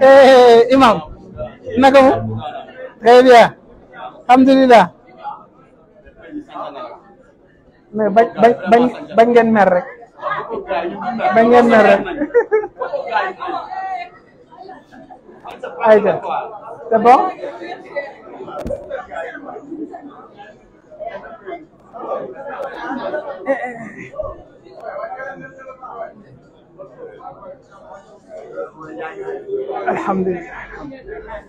Eh, Imam, naka mo? Kaya Alhamdulillah. Bañ nah, bañ bañ bañ ngeen mer rek. Bañ ngeen mer rek. Ayda. Eh, eh. الحمد لله الحمد لله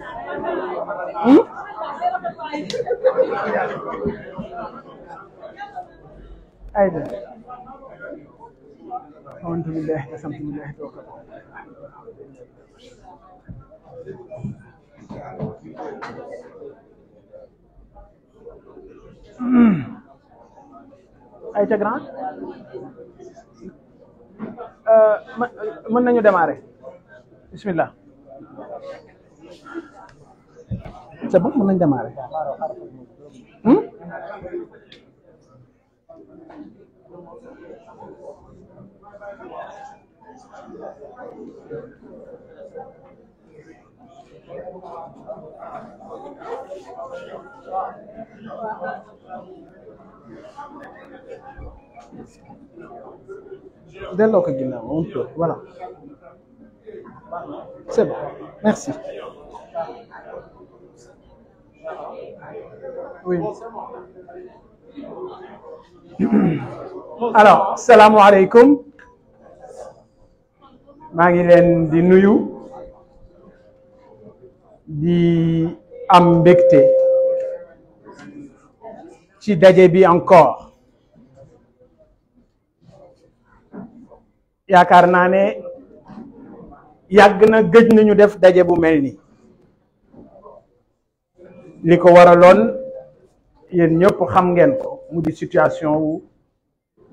أيضا آمنت بالله قسمت بالله توكلت ay ca grand Bismillah. Sabon cioè, non nang damari. Hmm? Dello che ginawa, un po', voilà. C'est bon. Merci. Oui. alors salam alaykoum. ngi di nuyu di ci encore Yakarnane. naa yàgg na gëj nañu def daje bu mel ni li ko waraloon yéen ñépp xam ngeen ko mu di situation wu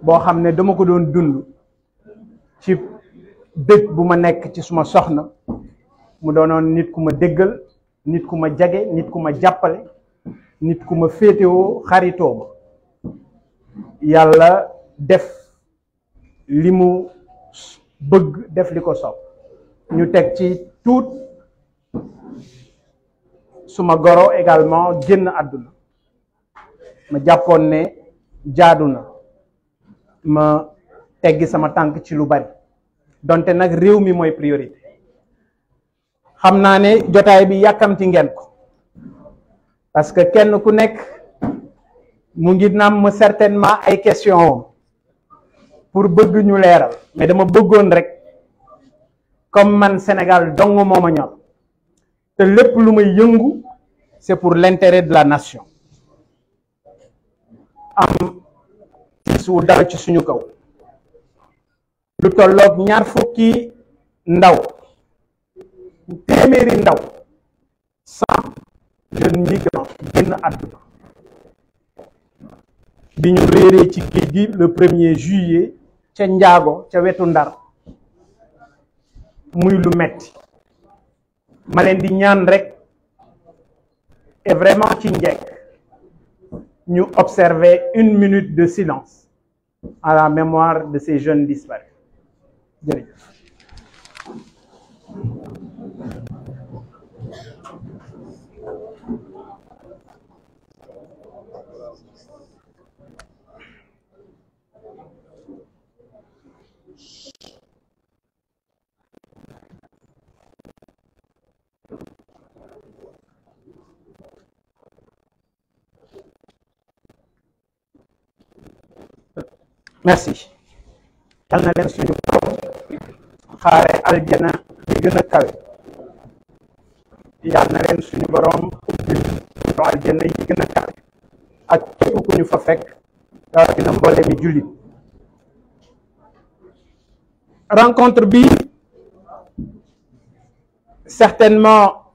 boo xam ne dama ko doon dund ci dëj bu ma nekk ci suma soxna mu doonoon nit ku ma déggal nit ku ma jage nit ku ma jàppale nit ku ma féetewoo xaritoo ma yàlla def li mu bëgg def li ko sopp ñu tut ci tout suma goro également genn aduna ma jappone ne ma teggi sama tank ci lu bari donte nak rew mi moy priorité xamna naa ne bi yakamti ngeen ko parce que kenn ku nek mu ngi namm certainement ay question pour bëgg ñu léral mais dama bëggone rek comme man Sénégal dongo moma ñor té lepp lu may yëngu c'est pour l'intérêt de la nation am tiis wu ci suñu kaw lu tolloog ñaar fukki ndaw téeméeri ndaw sa jeunes migrants génn àdduna bi ñu réeree ci géej gi le er juillet ca Njaago ca wetu Ndar muy lu metti ma rek et vraiment ci nous ñu observer une minute de silence à la mémoire de ces jeunes disparus merci yal na leen suñu borom xare aljana di gëna a kawe yal na len suñu borom ubbil ñu aljana yi gëna a ak képp ku ñu fa fek fekk rawatina mbolé bi jullit rencontre bi certainement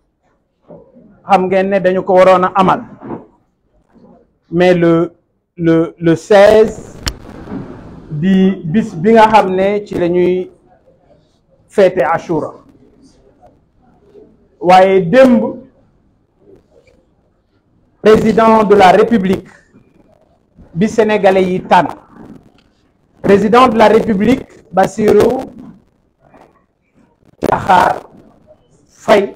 xam ngeen ne dañu ko waroon a amal mais le le le 16 di bis bi nga xamné ci lañuy Ashura waaye président de la République bi sénégalais yi tan président de la République Bassirou Diakhar Fay.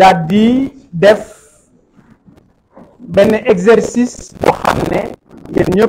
daal def ben exercice boo xam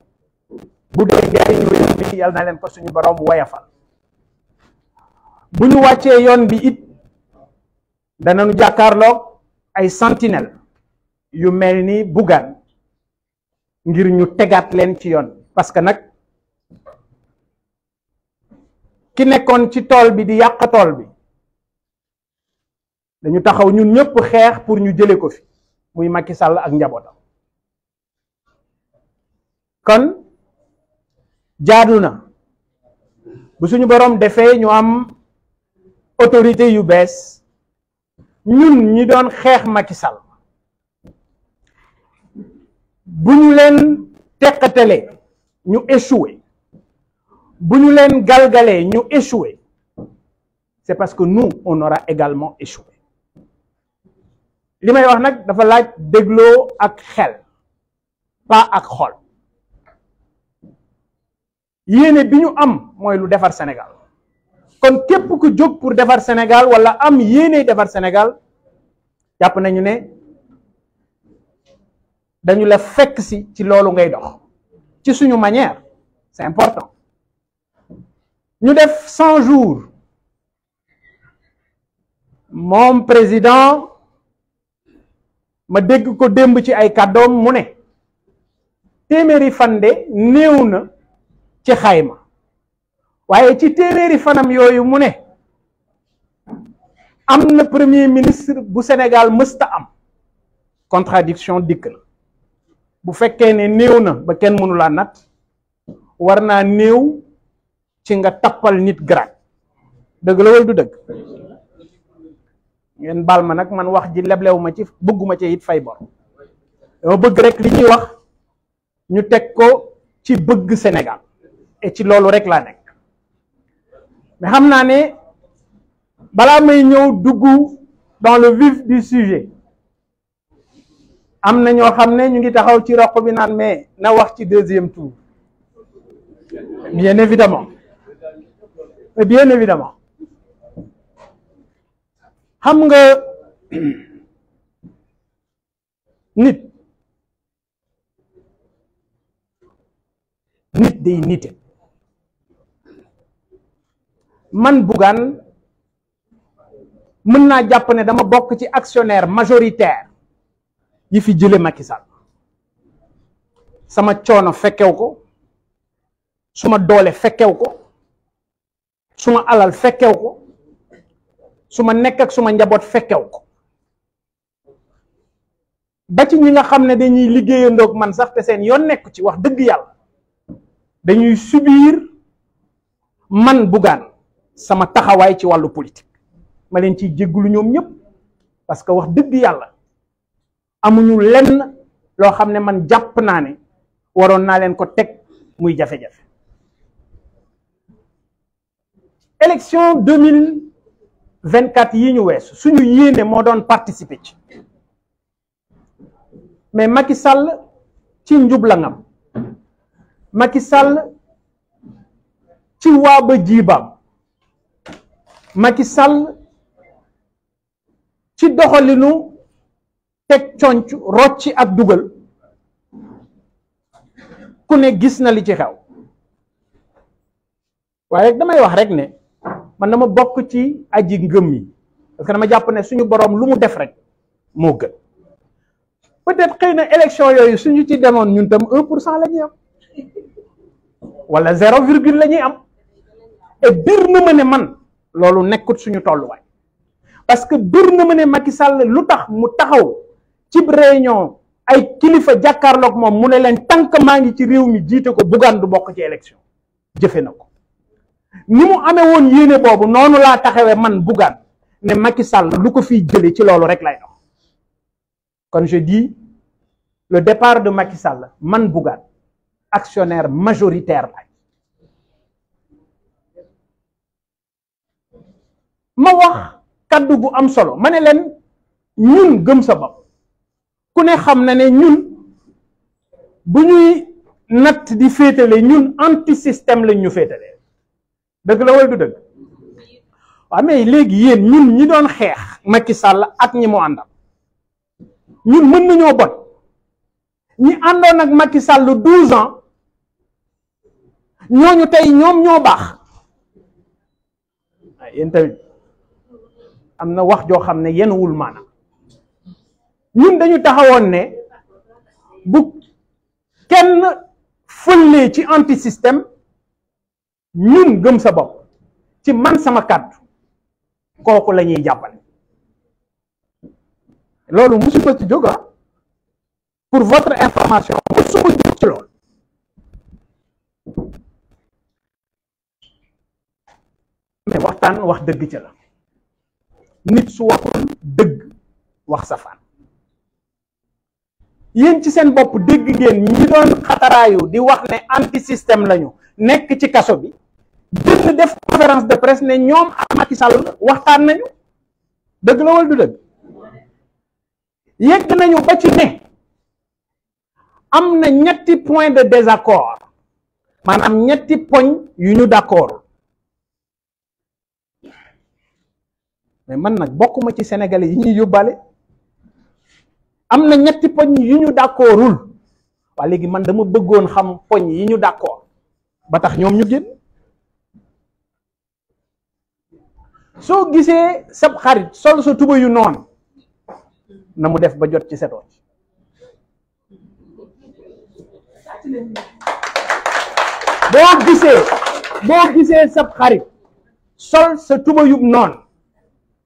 bu dee ñu réew bi yalla na leen ko suñu borom wayafal buñu ñu yoon bi it nañu jakarlo ay sentinel. yu melni ni ngir ñu tégat leen ci yoon parce que nak ki nekkon ci tol bi di yaq tol bi dañu taxaw ñun ñëpp xex pour ñu jëlé ko fi muy Macky Sall ak njabootam kon jaadu bu suñu borom defee ñu am autorité yu bees ñun ñi doon xeex Macky Sall bu ñu leen teqatalee ñu échoué bu ñu leen galgalee ñu échoué c'est parce que nous on aura également échoué li may wax nag dafa laaj dégloo ak xel pas ak xol yéene bi ñu am mooy lu defar Sénégal kon képp ku jóg pour defar Sénégal wala am yéene defar Sénégal jàpp nañu ne dañu la fekk si ci loolu ngay dox ci suñu manière c'est important ñu def 100 jours moom président ma dégg ko démb ci ay kàddoom mu ne téeméeri fan de néew na ci xayma waye ci téeréeri fanam yoyu mu né amna premier ministre bu Sénégal mësta am contradiction dik. la bu féké né néwna ba kenn la nat warna néw ci nga tappal nit garaat deug la wol du deug ngeen baal ma man wax ji leblew ma ci bëgguma ci yit fay bor dama bëgg rek li ñuy wax ñu tek ko ci bëgg Sénégal et ci loolu rek la nek mais xamna naa bala may ñëw duggu dans le vif du sujet amna ño xamné ñu ngi taxaw ci roq bi nan mais na wax ci deuxième tour bien évidemment bien évidemment xam nga nit nit day nite man bugan mën na japp ne dama bok ci actionnaire majoritaire yi fi jëlé Macky Sall sama choono fekkew ko suma doole fekkew ko suma alal fekkew ko suma nek ak suma njabot fekkew ko ba ci ñi nga xam dañuy man sax te seen yoon nekku ci wax dëgg yalla dañuy subir man bugan sama taxawaay ci wàllu politique ma leen ciy jégglu ñoom ñëpp parce que wax dëgg yàlla amuñu lenn loo xam ne man jàpp naa ne waroon naa leen ko teg muy jafe-jafe élection 2024 yi ñu weesu suñu yéene moo doon participer ci mais Macky Sall ci njublangam Macky Sall ci waa ba jiibaam Macky Sall ci doxalinu teg conc rocci ak dugal ku ne gis na li ci xew waaye damay wax rek ne man dama bokk ci aji ngëm yi parce que dama jàpp ne suñu boroom lu mu def rek moo gën peut-être xëy na élection yooyu suñu ci demoon ñun tam un pour cent lañuy am walla zéro virgule lañuy am et na ma ne man loolu nekut suñu way parce que dur na ma ne Macky Sall lu mu taxaw ci réunion ay kilifa jàkkaarloog mom mu ne leen tànk ngi ci réew mi ko Bougane du bok ci élection Je fais ni mu amé won yéné bobu nonu la taxawee man Bougane né Macky Sall lu ko fi jëlee ci loolu rek lay dox kon je dis le départ de Macky man Bougane actionnaire majoritaire ma wax kaddu gu am solo ma ne leen ñun gëm sa ku ne xam na ne ñun bu ñuy natt di féetale ñun anti système lañ ñu féetale dëgg la wala du dëgg waaw mais léegi yéen ñun ñi doon xeex Macky Sall ak ñi mu àndal ñun mën nañoo bon ñi àndoon ak Macky Sall 12 ñoo ñooñu tey ñoom ñoo baax yéen tamit. amna wax jo xamne ne mana? maanaam ñun dañu taxawon ne bu kenn fulle ci anti système ñun gëm sa bop ci man sama kàddu koku lañuy jappal lolu musu ko ci joga ah. pour votre information musuma ko ci lolu mais waxtan wax deug ci la nit su waxul dëgg wax safaan yéen ci seen bopp dégg ngeen ñi doon xataraayu di wax ne anti système lañu nekk ci kaso bi dëgg def conférence de presse ne ñoom ak Macky Sall waxtaan nañu dëgg la wala dëgg yegg nañu ba ci ne am na ñetti point de désaccord maanaam ñetti poñ yu ñu d'accord mais man nak bokuma ci sénégalais yi ñi yobalé amna ñetti pogn yi ñu d'accordul wa légui man dama bëggoon xam pogn yi ñu d'accord ba tax ñom ñu so gisé sab xarit sol so tuba yu non na def ba jot ci setoo bo gisé bo gisé sab xarit sol sa tuba yu non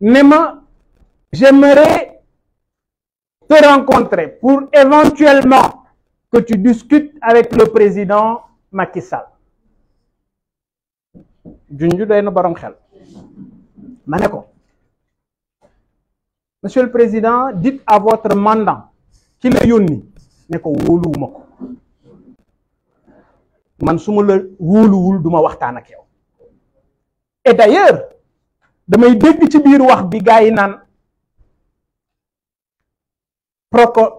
Néma, j'aimerais te rencontrer pour éventuellement que tu discutes avec le président Macky Sall. monsieur le président dites à votre mandant qu'il est un ne ko wóoluwuma man et d'ailleurs damay dégg ci biir wax bi gaay yi naan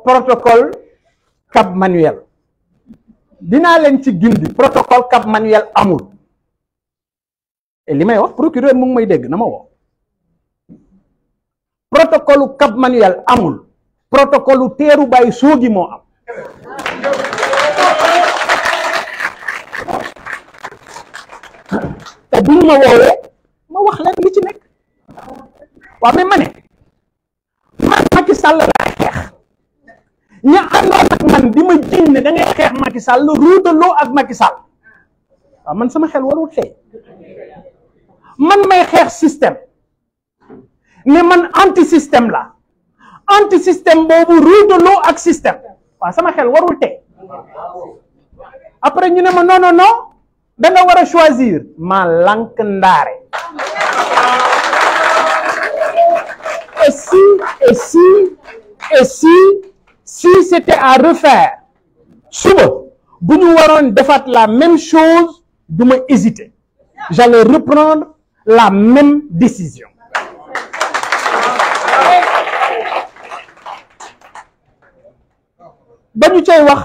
protocole cap manuel dinaa leen ci gindi protocole cap manuel amul et li may wax procureur mu ngi may dégg na ma protocole cap manuel amul protocole teeru bay soogi moo am te bu ma woowee ma wax leen ma ne man Macky Sall laay xeex ña àndoon ak man di ma jiñ ne xeex Macky Sall ruutaloo ak Macky Sall man sama xel warul tey man may xeex système ne man anti système la anti système boobu ruutaloo ak système waaw sama xel warul tey après ñu ne ma non non non da nga choisir ma lank ndaare et si, et si, et si, si c'était à refaire, suba, vous nous waroon défait la même chose, je ma hésiter. J'allais reprendre la même décision. ba ñu cay wax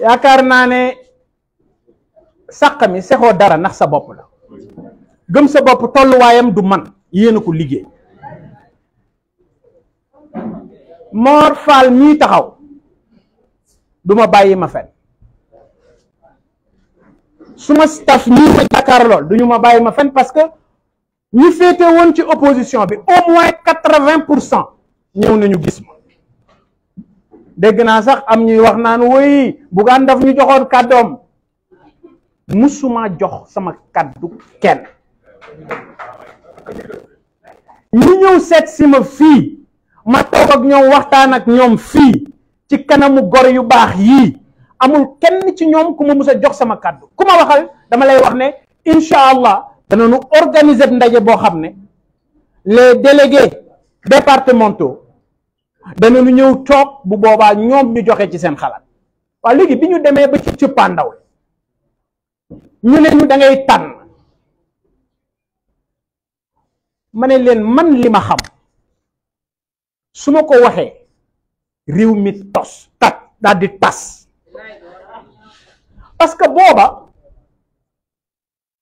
yaakaar naa Sakami, sàq dara ndax sa bopp la sa yéen a ko liggéey Mor Fall mii taxaw duma bàyyi ma fen su ma staff ñii ma jàkkaar lool duñu ma bàyyi ma fen parce que ñi féete woon ci opposition bi au moins quatre-vingt pour cent ñëw nañu gis ma dégg naa sax am ñuy wax naan woy Bougane daf ñu joxoon kàddoom musuma jox sama kàddu kenn ñi ñëw seet si ma fii ma toog ak ñoom waxtaan ak ñoom fii ci kanamu gor yu baax yii amul kenn ci ñoom ku ma mus a jox sama kàddu ku ma waxal dama lay wax ne incha allah dana danañu organiser ndaje boo xam ne les délégués dana nu ñëw toog bu boobaa ñoom ñu joxe ci seen xalaat waaw léegi bi ñu demee ba ci cëppaandaw ñu ne ñu da tànn. mané len man lima xam suma ko waxé réew mi tos tak dal di tas parce que boba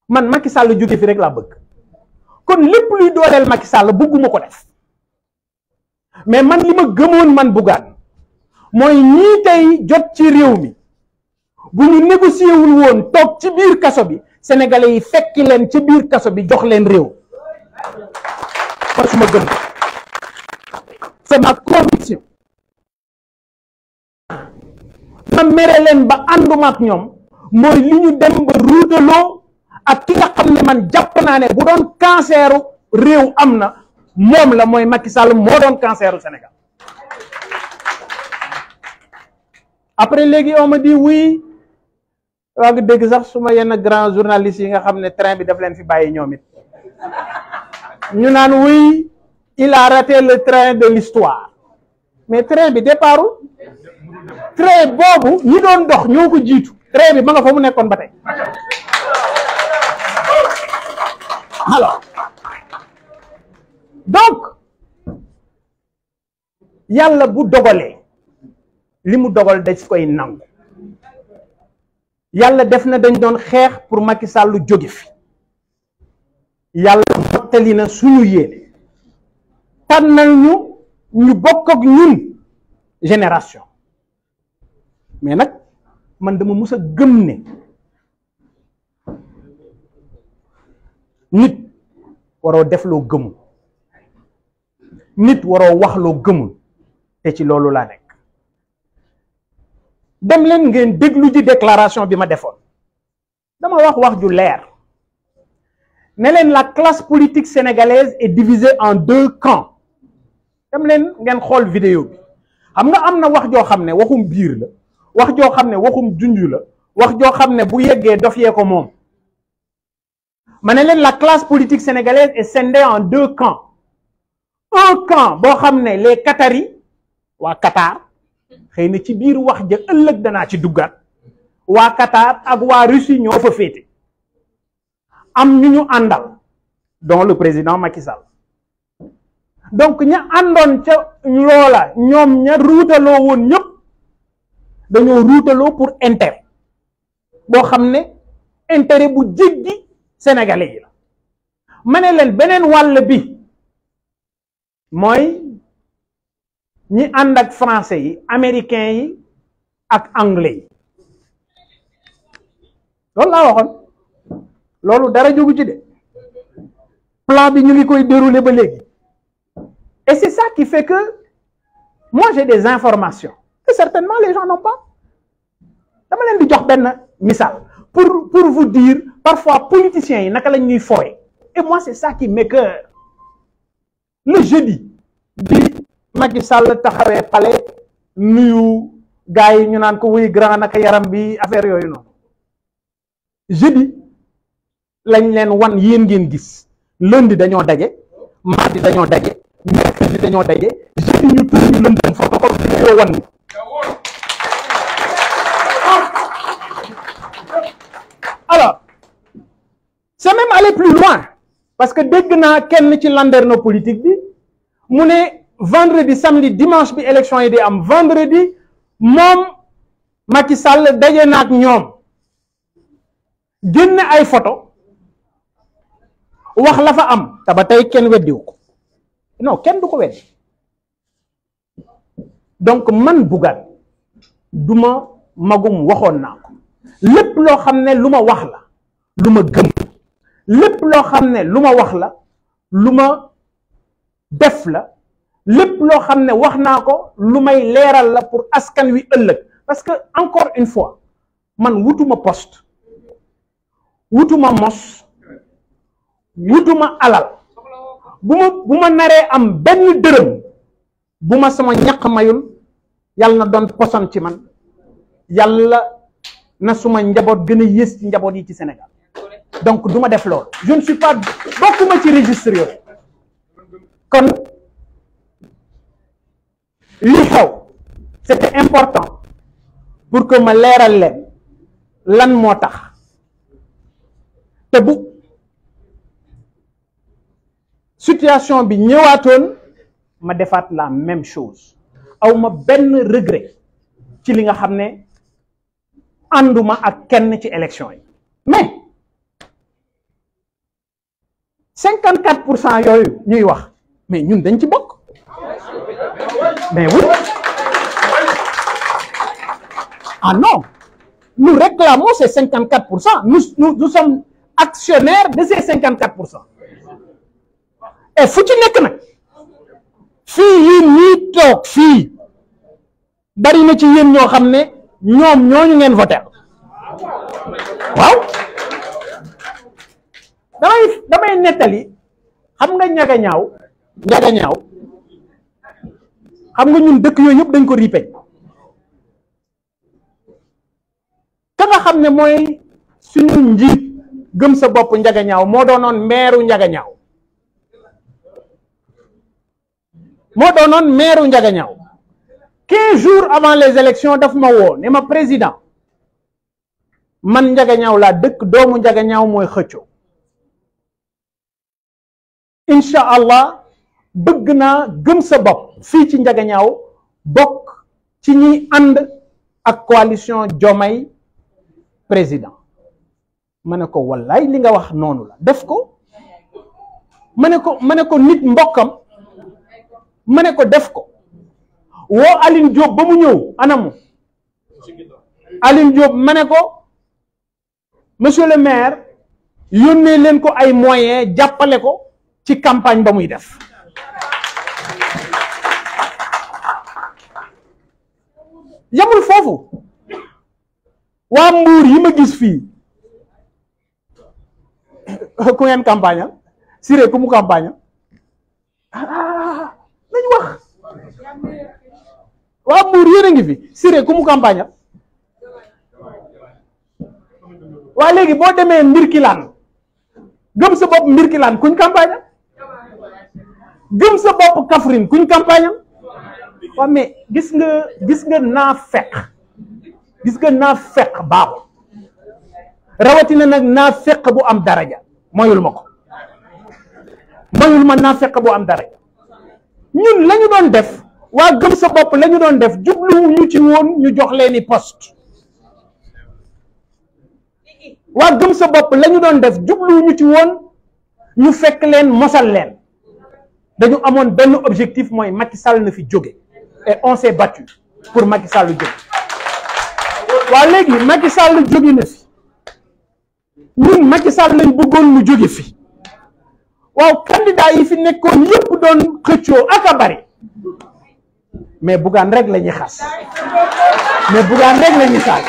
man Macky Sall jóge fi rek la bëgg kon lepp luy dolel Macky Sall bëgguma ko def mais man lima gëmone gëmoon man Bougane moy ñii tay jot ci réew mi bu ñu négocié wul won tok ci biir kasso bi sénégalais yi fekki len ci biir kasso bi jox len mooy su ma gëm c'est ma mere leen ba ànduma ñoom mooy li ñu dem ba ruutaloo ak ki nga xam ne man jàpp naa ne bu doon canceru réew am na moom la mooy Macky Sall moo doon canceru Sénégal après léegi on m'a dit oui waa ngi dégg sax su ma yenn grand journaliste yi nga xam ne train bi daf leen fi bàyyi ñoom it il a raté le train de l'histoire mais train bi départu très boobu nous doon dox ñoo ko train bi ma nga fa donc il bu a le est dogal dañ koy nangu Yalla def na dañ pour Macky Sall fi mottali na suñu yéene tànnal ñu ñu bokk ak ñun génération mais nag man dama mus a gëm ne nit waroo def loo gëmul nit waroo wax loo gëmul te ci loolu laa nekk dem leen ngeen déglu ji déclaration bi ma defoon dama wax wax ju leer la classe politique sénégalaise est divisée en deux camps Vous leen vu vidéo bi xam nga am wax joo xam waxum biir la wax joo xam waxum junj la wax joo la classe politique sénégalaise est scindée en deux camps un camp bon xam les Qataris waa Qatar xëy ci biir wax ja ëllëg danaa ci Qatar Russie am ñu dont le président Macky Sall donc nous avons ci lola ñom ont won ñep dañu pour intérêt donc xamné intérêt bu sénégalais yi la bi moy ñi français yi américains yi ak anglais loolu dara jogu ci de plan bi ñu ngi koy dérouler ba léegi et c'est ça qui fait que moi j'ai des informations et certainement les gens n'ont pas dama len di jox ben misaal pour pour vous dire parfois politiciens yi naka lañ ñuy fooye et moi c'est ça qui m'écoeure le jeudi bi Macky Sall taxawee palais nuyu gaay ñu nan ko wuy grand naka yaram bi affaire yoyu non jeudi lañ leen wan yéen lundi mardi mercredi ñu alors c'est même aller plus loin parce que dès naa kenn ci landerno politique bi mu vendredi samedi dimanche bi élection yi am vendredi moom Macky Sall wax la fa am ta ba tay kenn weddi wuko non kenn du ko weddi donc man Bougane duma magum waxon naa ko lépp lo xamne luma wax la luma gëm lépp lo xamne luma wax la luma def la lépp lo xamne wax naa ko lu may la pour askan wi euleuk parce que encore une fois man wutuma poste wutuma mos wutuma alal bu ma bu ma naree am benn dërëm bu ma sama ñaq mayul yal na doon poson ci man yàlla na suma njaboot gën a yées ci njaboot yi ci Sénégal donc du ma def lool je ne suis pas bokkuma ci registre yooyu kon li xew c'était important pour que ma leeral leen lan moo tax te bu situation bi ñëwaatoon ma defaat la même chose aw ma benn regret ci li nga xam ne ak kenn ci élection yi mais 54% quatre pour cent ñuy wax mais ñun dañ ci bokk mais oui ah non nous réclamons ces 54%. nous nous sommes actionnaires de ces 54%. et eh, fu ci nekk nag fii yii nii toog fii bari na ci yéen ñoo xam ne ñoom ñooñu ngeen voter waaw damay damay nettali xam nga ñaga ñaaw ñaga ñaaw xam nga ñun dëkk yooyu yëpp dañ ko riipeñ ka nga xam ne mooy suñu njiit gëm sa bopp njaga ñaaw moo doonoon meeru njaga ñaaw Modonon doonoon maire Ndiaganiao quinze jours avant les élections daf ma woo ne ma président man Ndiaganiao la deuk doomu Ndiaganiao moy xëccoo incha allah bëgg na gëm sa bop fi ci Ndiaganiao bok ci ñi and ak coalition jomay président ma ko li nga wax nonu la def ko nit mbokam ma ne ko def ko woo Aline Diop ba mu ñëw anamu Aline Diop mane ko monsieur le maire yónnee leen ko ay moyen jàppale ko ci campagne ba muy def yamul foofu waa mbuur yi ma gis fii ku ngeen campagne a Siré ku mu campagne waa Mbour yéen a ngi fi Siré ku mu campagne waa léegi boo demee mbirkilaan gëm sa bopp mbirkilaan kuñ campagne gëm sa bopp Kaffrine kuñ campagne waa mais gis nga gis nga naa fekk gis nga naa fekk baaxul rawatina nag naa fekk bu am daraja moyul ma ko moyul ma naa fekk bu am daraja ñun lañu doon def waa gëm sa bopp la doon def jubluwuñu ci woon ñu jox leeni poste waa gëm sa bopp la ñu doon def jubluwuñu ci woon ñu fekk leen mosal leen dañu amoon benn objectif mooy Macky Sall na fi jóge et on s'est pour Macky Sall jóge waa léegi Macky Sall jóge na fi ñun Macky Sall lañ bëggoon mu jóge fi waaw candidat yi fi nekkoon yëpp doon xëccoo ak a bari mais Bougane rek la xas mais Bougane rek la ñuy saag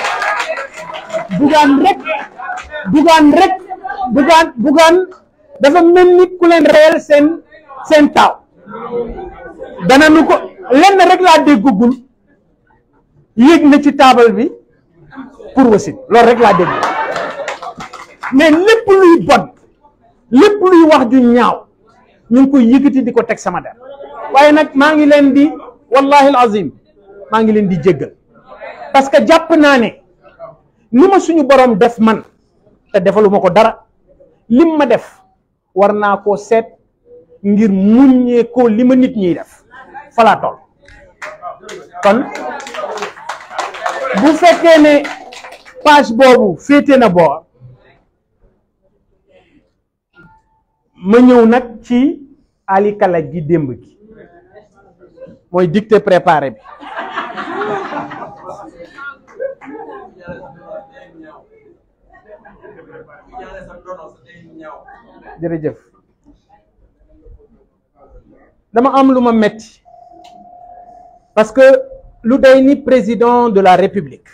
Bougane rek Bougane rek Bougane Bougane dafa mel ni ku leen reyal seen seen taaw dana nu ko lenn rek laa déggugul yéeg na ci taabal bi pour wasin loolu rek laa dégg mais lépp luy bon lépp luy wax ju ñaaw ñu ngi koy yëkkati di ko teg sama der waaye nag maa ngi leen di wallahi alazim maa ngi leen di jéggal parce que jàpp naa ne li ma suñu borom def man te defaluma ko dara lim ma def war naa koo seet ngir muññee ko li ma nit ñiy def falaa kon bu fekkee ne page boobu féete na boor ma ñëw nag ci alikala ji démb gi moy dicté préparé bi jërëjëf dama am luma metti parce que lu day ni président de la république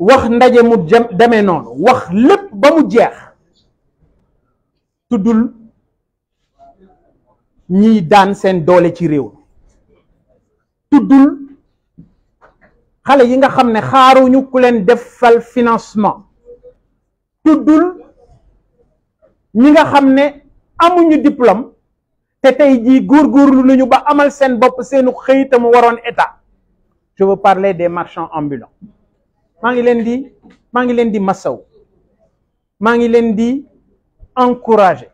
wax ndaje mu demee noonu wax lépp ba mu jeex tuddul ni daan seen doole ci réew tuddul xale yi nga xam ne xaaruñu ku leen defal financement tuddul ñi nga xam ne amuñu diplôme te tey jii góorgóorlu nañu ba amal seen bopp seenu xëy waroon état je veux parler des marchands ambulants maa ngi leen di maa ngi leen di ngi di encourager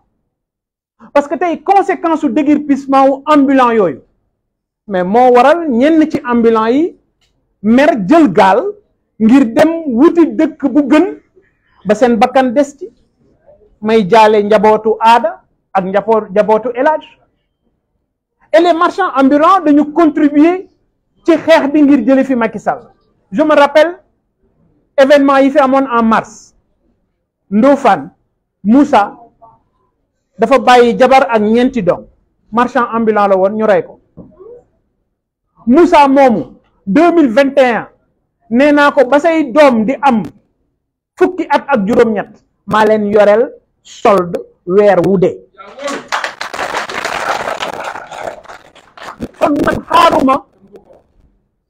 parce que une conséquence de déguerpissement ambulant mais mo waral ñenn ci ambulant yi ngir dem wuti dekk bu gën ba sen bakkan may jalé aada ak et les marchands ambulants dañu contribuer ci xex bi ngir jël fi je me rappelle événement yi en mars Ndofane Moussa dafa bàyyi jabar ak ñenti dom marchand ambulant la won ñu ray ko Moussa momu 2021 néna ko ba say Dom di am fukki at ak juroom ñett ma len yorel solde weer wu dee kon man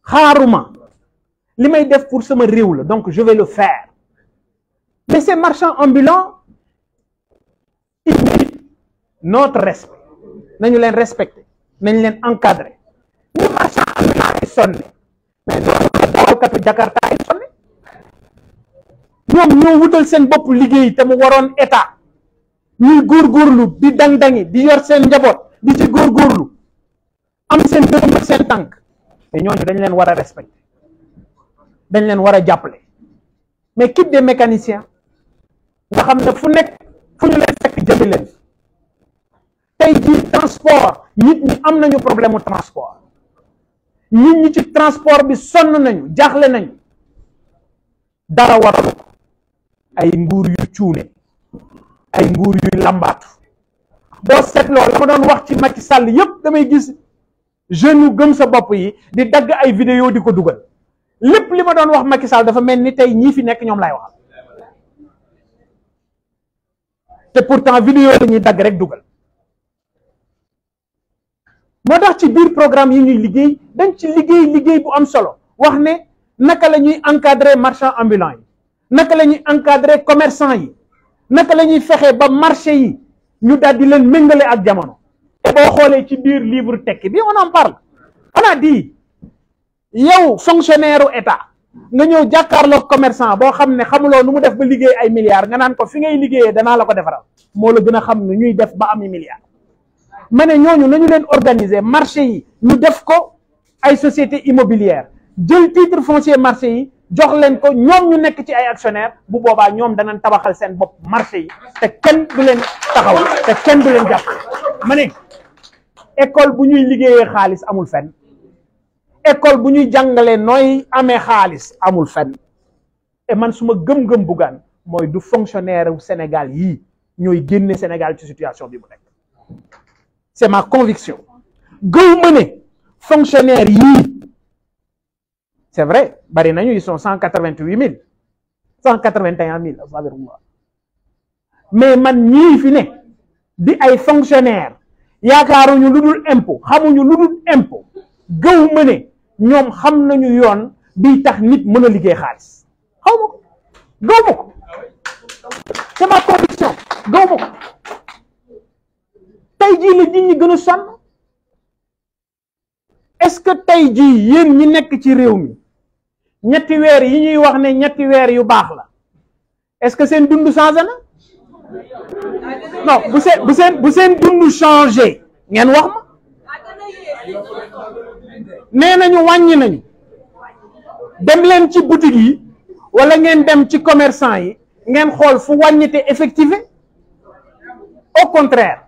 xaaruma def pour sama rew la donc je vais le faire mais ces marchands ambulants notre respect nañu leen respecté nañ encadrer ni ma sha Allah yi sonne mais do ko dawalkatu jakarta yi sonne ñom ñoo wutal seen bop liggéey te mu waron état ñuy góorgóorlu di dang-dangi di yor seen njabot di ci góorgóorlu am seen dërëm ak seen tànk te ñooñu dañ len wara a dañ len wara jappalé mais kit des mécaniciens nga xam fu nek fu ñu lay fekk jëmi leen tey jii transport nit ñi am nañu problème transport nit ñi ci transport bi sonn nañu jaxle nañu dara waralu ko ay nguur yu cuune ay nguur yuy làmbaatu boo seetloo la ma doon wax ci Macky Sall yépp damay gis jeunes yu gëm sa bopp yi di dagg ay vidéo di ko dugal lépp li ma doon wax Macky Sall dafa mel ni tey ñii fi nekk ñoom laay waxal te pourtant vidéo la ñuy dagg rek dugal moo tax ci biir programme yi ñuy liggéey dañ ci liggéey liggéey bu am solo wax ne naka la ñuy encadrer marchand ambulant yi naka la ñuy encadrer commerçant yi naka la ñuy fexe ba marché yi ñu daal di leen méngale ak jamono te boo xoolee ci biir libre tekki bi on en parle on a dit yow fonctionnaire u état nga ñëw jàkkaarloo commerçant boo xam ne xamuloo nu mu def ba liggéey ay milliards nga naan ko fi ngay liggéeyee danaa la ko defaral moo la gën a xam ne ñuy def ba am i milliards mané ñooñu nañu leen organiser marché yi ñu def ko ay société immobilière jël titre foncier marché yi jox leen ko ñoom ñu nekk ci ay actionnaire bu boobaa ñoom danañ tabaxal seen bopp marché yi te kenn du leen taxaw te kenn du leen jàpp ma ne école bu ñuy liggéeyee xaalis amul fenn école bu ñuy jàngalee nooy amee xaalis amul fenn et man su ma gëm-gëm buggaan mooy du fonctionnaire wu Sénégal yii ñooy génne Sénégal ci situation bi mu nekk c'est ma conviction. Goumene, fonctionnaire, C'est vrai, ils sont 188 000. 181 000, ça dire Mais man, yi, fonctionnaire, yakaro nyu loulou impôt, hamu nyu loulou impôt. Goumene, ils ham nanyu yon, bi tak nit monolige khalis. Hamu, C'est ma conviction. Goumou est-ce que tey jii ñi ci réew mi ñetti yi ñuy wax ne ñetti weer yu baax la est-ce que seen dund changé na non bu seen bu seen bu seen dund changé wax ma nañu nañu dem ci boutique yi wala dem commerçant yi fu au contraire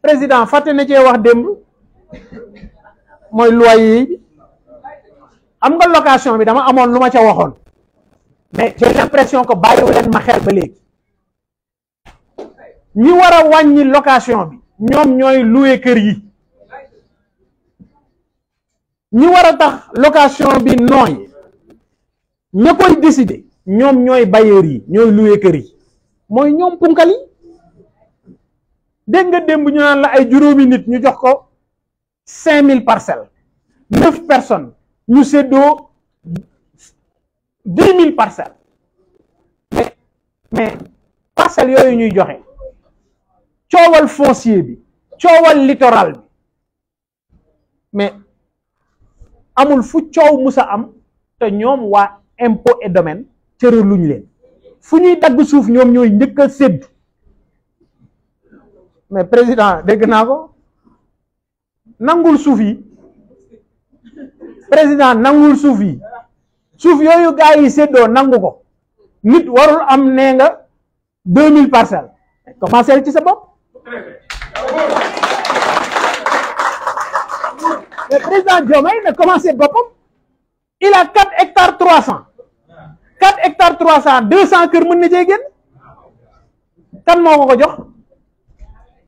président fatte na cee wax démb mooy loyer yi am nga location bi dama amoon lu ma ca waxoon mais j'ai l'impression que bàyyiwu leen ma xel ba léegi ñi war a wàññi location bi ñoom ñooy louer kër yi ñi war a tax location bi nooy ña koy décider ñoom ñooy bailleurs yi ñooy louer kër yi mooy ñoom punkal dégg nga démb ñu naan la ay juróomi nit ñu jox ko cinq mille parcelles neuf personnes ñu séddoo dix mille parcelles mais mais parcelles yooyu ñuy joxe coowal foncier bi coowal littoral bi mais amul fu coow musa am te ñoom waa impôt et domaine cëra luñ leen fu ñuy dagg suuf ñoom ñooy njëkk a séddu Mais Président n'est Nangul là. Président Soufi Président nangul Soufi Soufi, il 2000 parcelles. Comment avez commencé le Président Diomé, il a commencé à Il a 4 hectares 300. 4 hectares 300, 200 a mis en place 200. Il a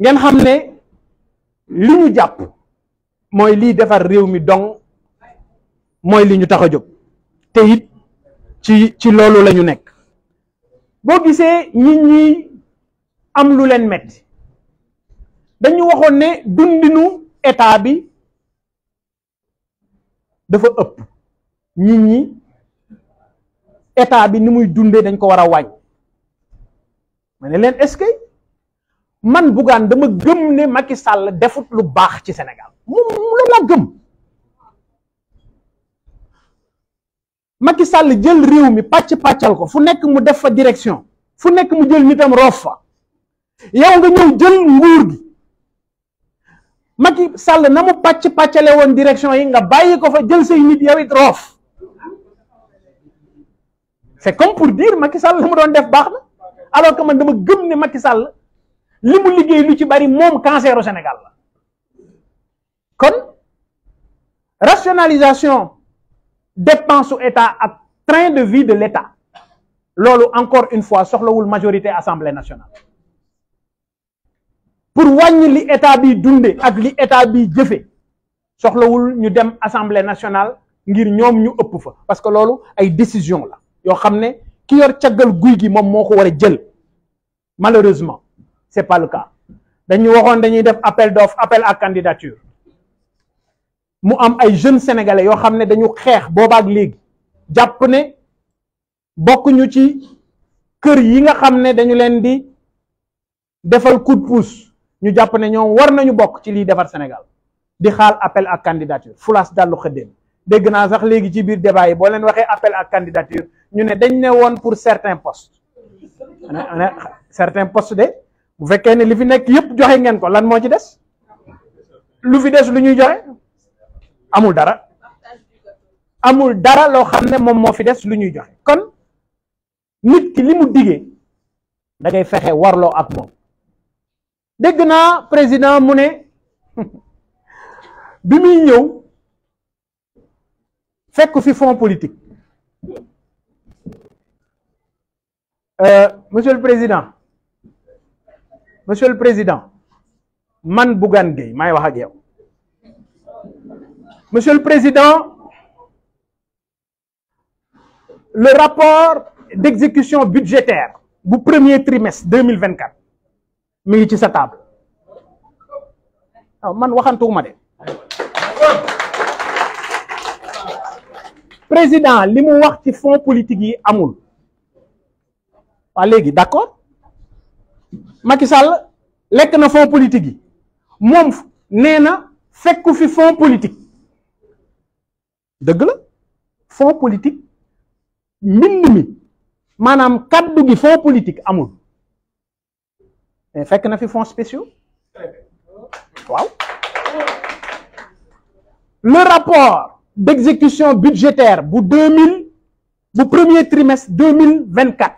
ngeen xam ne li ñu jàpp mooy liy defar réew mi dong mooy li ñu tax a jóg te it ci ci loolu lañu nekk boo gisee nit ñi am lu leen metti dañu waxoon ne dundinu état bi dafa ëpp nit ñi état bi ni muy dundee dañ ko war a wàññ ne leen est-ce que man bugan dama gëm ne Macky Sall defut lu bax ci Sénégal moom lu la gëm Macky Sall jël réew mi patch patchal ko fu nek mu def fa direction fu nek mu jël nitam roof fa yow nga ñëw jël nguur gi Macky Sall na mu pàcc pàccale direction yi nga bàyyi ko fa jël sey nit yow it rof c'est comme pour dire Macky Sall la mu doon def baax alors que man dama gëm ne Macky Sall limu mu liggéey lu ci bari Sénégal la rationalisation dépense au état ak train de vie de l'état loolu encore une fois soxlawul majorité assemblée nationale pour wàññi li état bi dunde ak li état bi jëfe soxlawul ñu dem assemblée nationale ngir ñoom ñu ëpp fa parce que loolu ay décision la yoo xam ne ki yor caggal guy gi moom moo ko jël malheureusement c'est pas le cas dañu waxoon dañuy def appel d'offres appel à candidature nous am ay jeunes sénégalais yoo xam ne dañu xeex boobaak léegi japonais, ne bokkuñu ci kër yi nga xamné dañu leen di defal coup de pouce ñu japp né ñoo war nañu bok ci li défar Sénégal di xal appel à candidature fulaas dalu xedem dégg na sax léegi ci biir débat yi bo leen waxé appel à candidature ñu né dañ né won pour certains postes certains postes de bu fekkee ne li fi nekk yëpp joxe ngeen ko lan ci des lu fi lu ñuy joxe amul dara amul dara loo xam ne moom moo fi des lu ñuy joxe kon nit ki da président mu bi muy fekk fi politique euh, monsieur le président monsieur le président monsieur le président le rapport d'exécution budgétaire du premier trimestre 2024 mingi sa table Ah man président limu wax ci fonds politique yi amul d'accord Macky Sall na fonds politique yi mom nee fekkou fi fonds politique deug la fonds politique mbind mi kaddu gi fonds politique amul mais fekk na fi fonds spéciaux waaw le rapport d'exécution budgétaire pour 2000, pour bu premier trimestre 2024,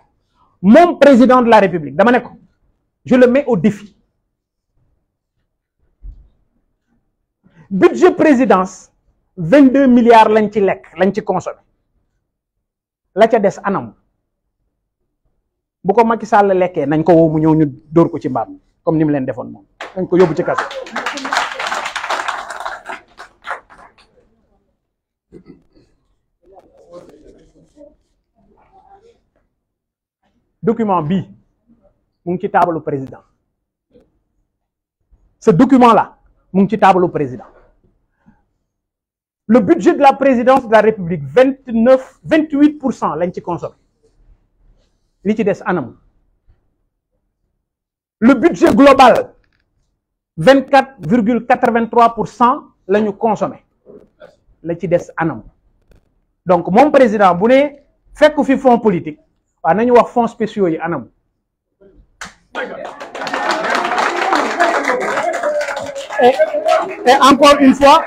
mon président de la république dama ne je le mets au défi. budget présidence 22 milliards lañ ci ci consommé la ca des anam bu ko Macky Sall lekkee nañ ko woo mu ñëw ñu dóor ko ci comme ni l'en defon defoon moom dañ ko yóbbu ci document B table table ci président ce document là mon table au président le budget de la présidence de la république 28% 28%' en le budget global 24,83% la consommé ci donc mon président vous voulez faire fi fonds politique Il nañu wax fonds spéciaux et, encore une fois,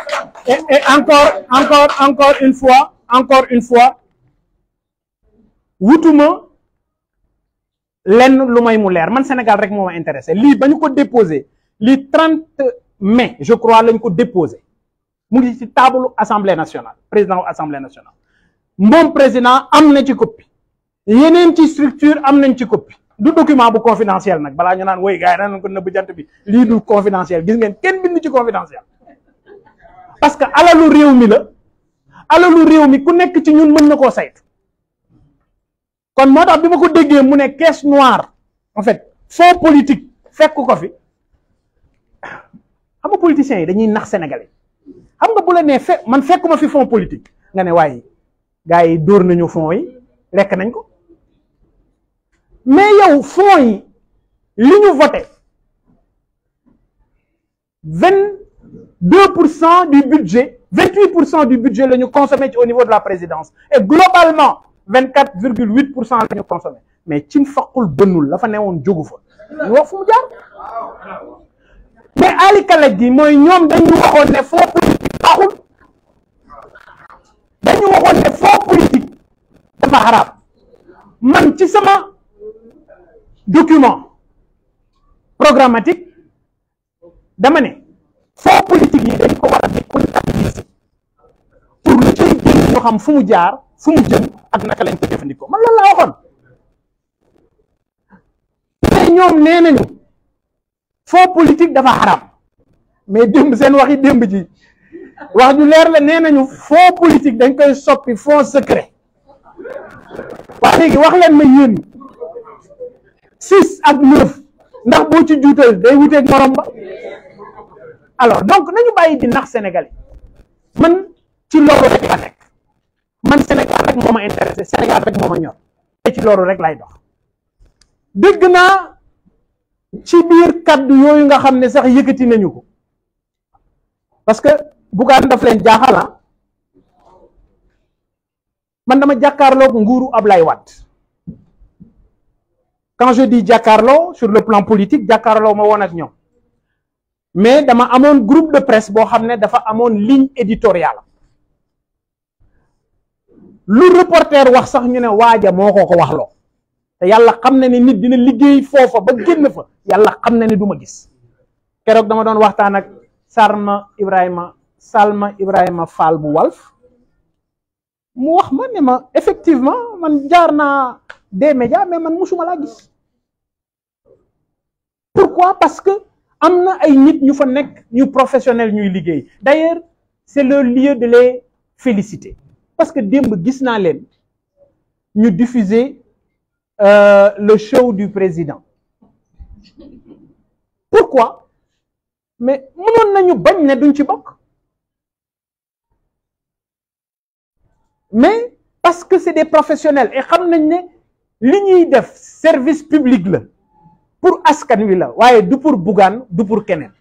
et, encore, encore, encore une fois, encore une fois, Woutouma, lenn monde may mu man Sénégal rek intéressé déposé le 30 mai je crois nous ko déposé mu ci de assemblée nationale président de l'Assemblée nationale Mon président a une petite copie structure amène une copie du document bu confidentiel nag bala ñu naan way gaay ko neub jant bi li du confidentiel gis ngeen kenn ci confidentiel parce que alalu la alalu réew mi ku nekk ci ñun mën na kon motax ko déggé mu caisse noire en fait fonds politique fekk ko fi xam nga politiciens dañuy nax sénégalais xam nga bu la né man fekkuma fi fonds politique nga ne way gaay yi nañu fonds yi mais au fond, il y a 22% du budget, 28% du budget, le nous consommons au niveau de la présidence. Et globalement, 24,8% le nous consommons. Mais tu ne fais pas de nous, là, Tu ne fais pas de faire. Mais Ali Kaledi, moi, il y a un peu de faux politique. Il y a un peu de faux politique. C'est pas grave. Moi, tu sais, document programmatique dama né fonds politique yi dañ ko war a décontabiliser pour lu cay génn ñu xam fu mu jaar fu mu jëm ak naka lañ ko jëfandikoo man loolu la waxoon mais ñoom nee nañu fonds politique dafa haram mais démb seen waxi démb ji wax ju leer la nee nañu fonds politique dañ koy soppi fonds secret wax wax leen ma yeen 6 ak 9 ndax bo ci juutal day ak morom ba alors donc nañu bayyi di nax sénégalais man ci lolu rek la nek man sénégal rek moma intéressé sénégal rek moma ñor té ci lolu rek lay dox dégg na ci biir kaddu yooyu nga xamné sax yëkëti nañu ko parce que bugaan daf leen jaaxala ah. man dama jakarlo nguuru ablay Wade quand je dis jàkkaarloo sur le plan politique jàkkaarloo ma woon ak ñoom mais dama mon groupe de presse boo xam ne dafa amoon ligne éditoriale Le reporter wax sax ñu ne waaja moo ko ko waxloo te yàlla xam na ne nit dina liggéey foofa ba génn fa yàlla xam na ne du ma gis keroog dama doon waxtaan ak Salma Ibrahima Salma Ibrahima Fall bu Walf mu wax ma ne ma effectivement man jaar des médias mais man musuma la gis pourquoi parce que nous sommes ay nit ñu fa nek ñu professionnel ñuy d'ailleurs c'est le lieu de les féliciter parce que demb gis na len ñu diffuser euh, le show du président pourquoi mais nous nañu bañ ne duñ ci bok. mais parce que c'est des professionnels et xam nañ ne li def service public la pour askan wi la waaye du pour Bougane du pour keneen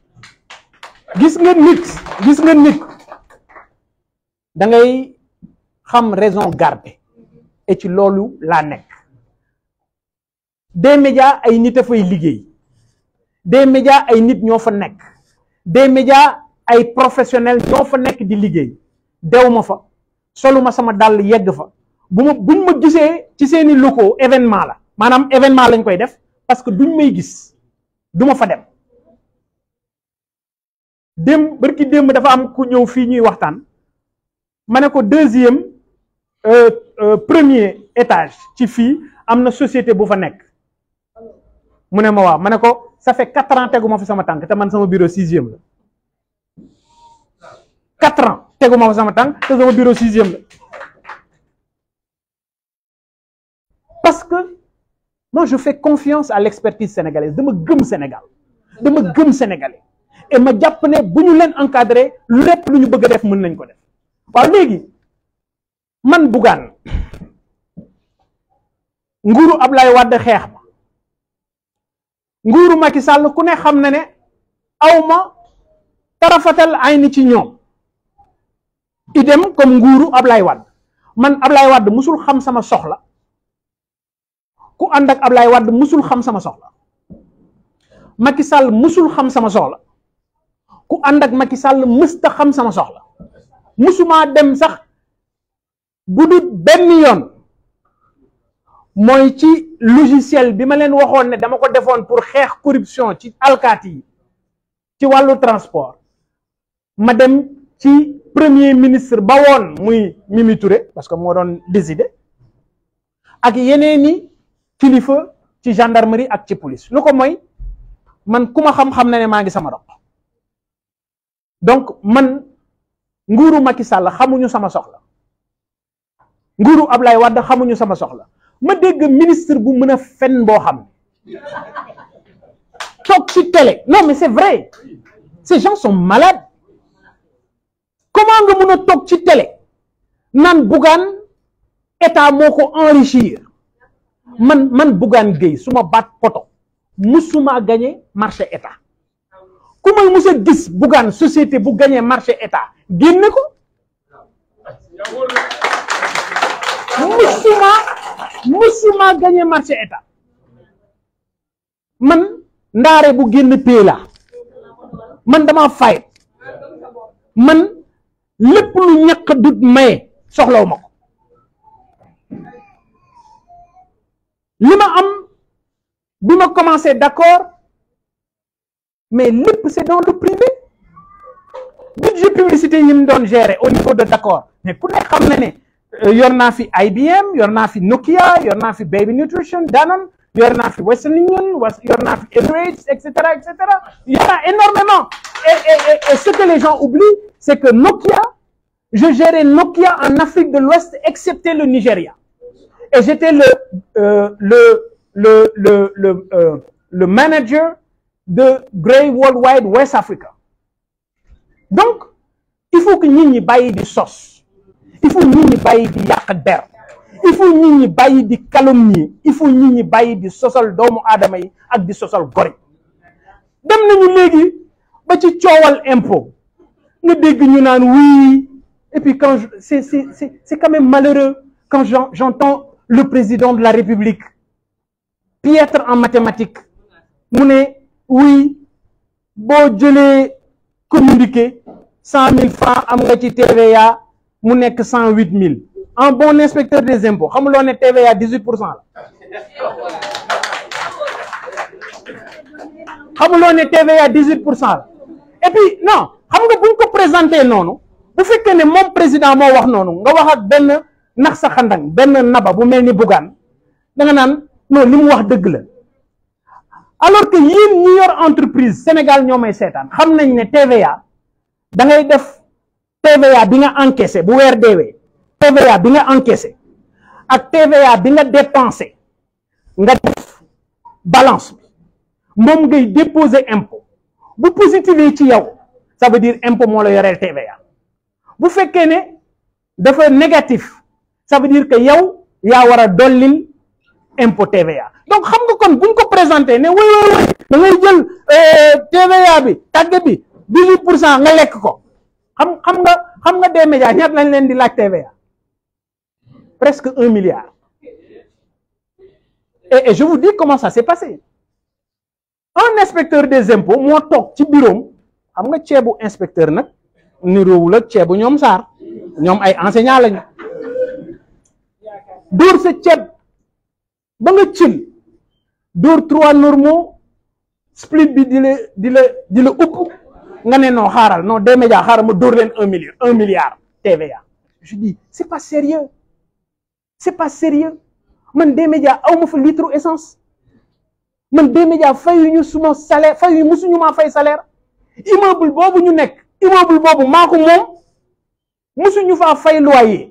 gis nga nit gis nga nit da ngay xam raison garder et ci lolu la nek des médias ay nit a fay liggéey des médias ay nit ñoo fa nekk des médias ay professionnels ñoo fa nekk di liggéey dewuma fa ma sama dal yegg fa bu buñ ma gisé ci seeni locaux événement la manam événement lañ koy def parce que duñ may gis duma fa dem dem barki dem dafa am ku ñew fi ñuy waxtaan mané ko deuxième euh, euh, premier étage ci fi amna société bu fa nek mune ma wa mané ko ça fait 4 ans teguma fi sama tank té man sama bureau 6e la 4 ans tegu ma sama tànk dans le bureau sixième parce que moi je fais confiance à l'expertise sénégalaise de dama gëm Sénégal dama gëm sénégalais et ma jàpp ne bu ñu leen encadrer lépp lu ñu bëgg def mën nañ ko def man bougan. nguru Ablaye Wade xex ma makissall ku ne xam ne awma tarafatal ay ni ci ñom idem comme nguru Ablaye wad man Ablaye wad musul xam sama soxla ku andak ak Ablaye musul xam sama soxla Macky Sall musul xam sama soxla ku andak makisal Macky xam sama soxla musuma dem sax budu ben yon moy ci logiciel bima len waxone ne dama ko defone pour xex corruption ci ci walu transport ma dem ci premier ministre ba muy Mimi Touré parce que mo don décider ak yeneeni kilifa ci gendarmerie ak ci police lu moy man kouma xam-xam na ne maa ngi sama dox donc man nguuru Macky Sall xamuñu sama soxla nguuru Ablaye Wade xamuñu sama soxla ma dégg ministre bu mën a fen boo xam tok ci télé non mais c'est vrai ces gens sont malades comment nga mëna tok ci télé nan Bougane état moko ko enrichir man man Bougane gey suma bat photo musuma gagné marché état ku may dis bukan gis Bougane société bu gagné marché état genn ko musuma musuma gagné marché état man ndare bu genn pé la man dama fay man lepp lu n'y a que maye soxlaw ma am bima commencé d'accord mais lepp c'est dans le privé budget publicité yi mu doon gérer au niveau de d'accord mais ku ne xam na ne euh, yor naa fi IBM yor naa fi Nokia yor naa fi Baby Nutrition Danone yor naa fi Western Union yor y fi Emirates et cetera et cetera il y en a énormément et ce que les gens oublient c'est que Nokia je gérais Nokia en Afrique de l'Ouest, excepté le Nigeria. Et j'étais le, euh, le, le, le, le, euh, manager de Grey Worldwide West Africa. Donc, il faut que nous nous baillons des sauces. Il faut que nous baillons des yakadères. il faut nous nous bàyyi des calomnie, il faut que nous nous di sosal doomu aadama yi ak di sosal nous nous nous nañu léegi ba ci coowal impôt nga nous ñu naan et puis quand C'est quand même malheureux quand j'entends le président de la République, piètre en mathématiques, oui, bon, je l'ai communiqué, 100 000 francs, Amouretti TVA, mon que 108 000. Un bon inspecteur des impôts, comme est TVA, 18 Comme est TVA, 18 Et puis, non, ne vous pas présenter, non, non bu fekkene ne président mo wax nonou nga wax ak ben nax sa xandang ben naba bu melni ni da nga nan non limu wax deug la alors que yéen ñi yor entreprise Sénégal ñomay sétane xam nañ ne TVA da ngay def TVA bi nga encaissé bu weer deewee TVA bi nga encaissé ak TVA bi nga dépensé nga def balance bi moom ngay déposer impôt bu positivé ci yow ça veut dire impôt mo la yoreel TVA bu fekkee ne dafa négatif ça veut dire que yow yaa a impôt TVA donc xam nga kon buñ ko présenté TVA euh, bi bi TVA presque 1 milliard et, je vous dis comment ça s'est passé un inspecteur des impôts moo toog ci bureau inspecteur niroowul ak ceebu ñom sar, ñom ay enseignant lañu dóor sa ceeb ba nga cin dóor trois normaux split bi dile dile dile upp nga né non xaral non des médias xaaral ma dóor leen un million un milliard TVA je dis c'est pas sérieux c'est pas sérieux man des médias aw ma fa litre essence man des médias ñu suma salaire fayuñu musuñu maa fay salaire immeuble bobu ñu nekk immeuble mako mom fay loyer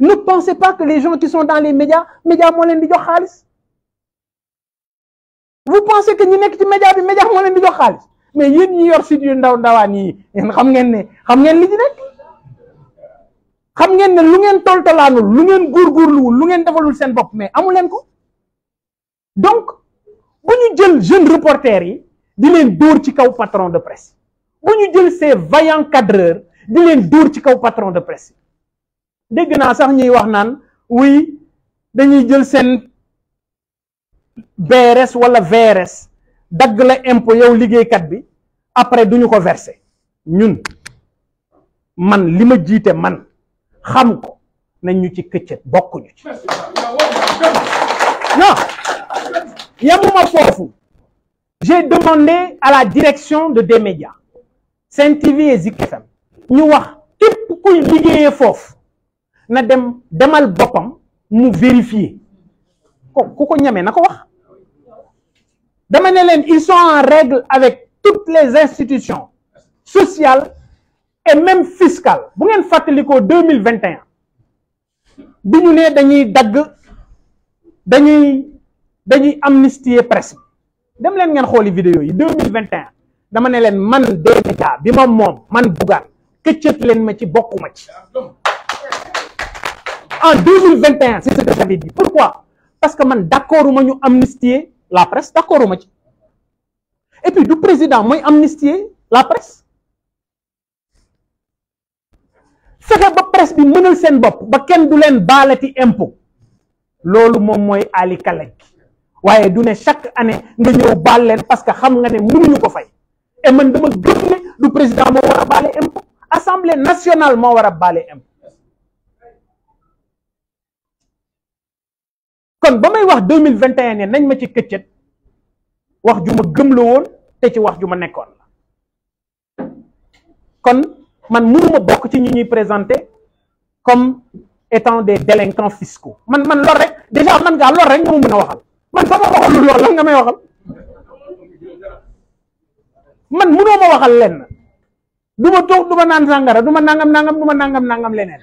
ne pensez pas que les gens qui sont dans les médias médias mo len di jox vous pensez que ñi nek ci média bi média mo les di jox mais yeen ñi yor site yu ndaw ndawani vous, xam ngeen ne xam ngeen li vous?! nek xam ngeen ne lu ngeen toltolaanul lu ngeen góorgóorluwul lu ngeen defalul sen bop mais amu ko donc vous jël jeune reporter di leen dóor ci kaw patron de presse bu ñu jël seen vaillants cadreurs di leen dóor ci kaw patron de presse dégg naa sax ñuy wax naan oui dañuy jël seen BRS walla VRS dagg la impôt yow liggéeykat bi après duñu ko verser ñun man li ma jiite man xam ko nañ ñu ci këccët bokkuñu ci non yamuma foofu j'ai demandé à la direction de des médias Saint TV et Zik FM nous wax vérifier ils sont en règle avec toutes les institutions sociales et même fiscales Vous ngeen fait 2021, mille vingt un bi ñu presse dem len ngeen xoli vidéo yi 2021 dama ne len man D-Media mom man Bougane keccet l'en ma ci bokuma ci en 2021, c'est ce que j'avais dit pourquoi parce que man d'accorduma ñu amnistier la presse d'accorduma ci et puis du président moy amnistier la presse fexe ba presse bi mënal seen bop ba kenn du len balati impôt lolu mom moy Ali Kalek waye du ne chaque année nga ñëw baal leen parce que xam nga né ne ñu ko fay et man dama gëm ne du président mo wara balé imp assemblée nationale mo wara balé imp kon ba may wax 2021 né nañ ma ci këccët wax juma ma gëm la woon te ci wax juma ma la kon man mënuma bok ci ñi ñuy présenté comme étant des délinquants fiscaux man man lor rek déjà man nga lor rek nga mu mën a waxal man sama waxal lool lan nga may waxal man munoo ma waxal lenn du ma nangam nangam duma nangam nangam lenen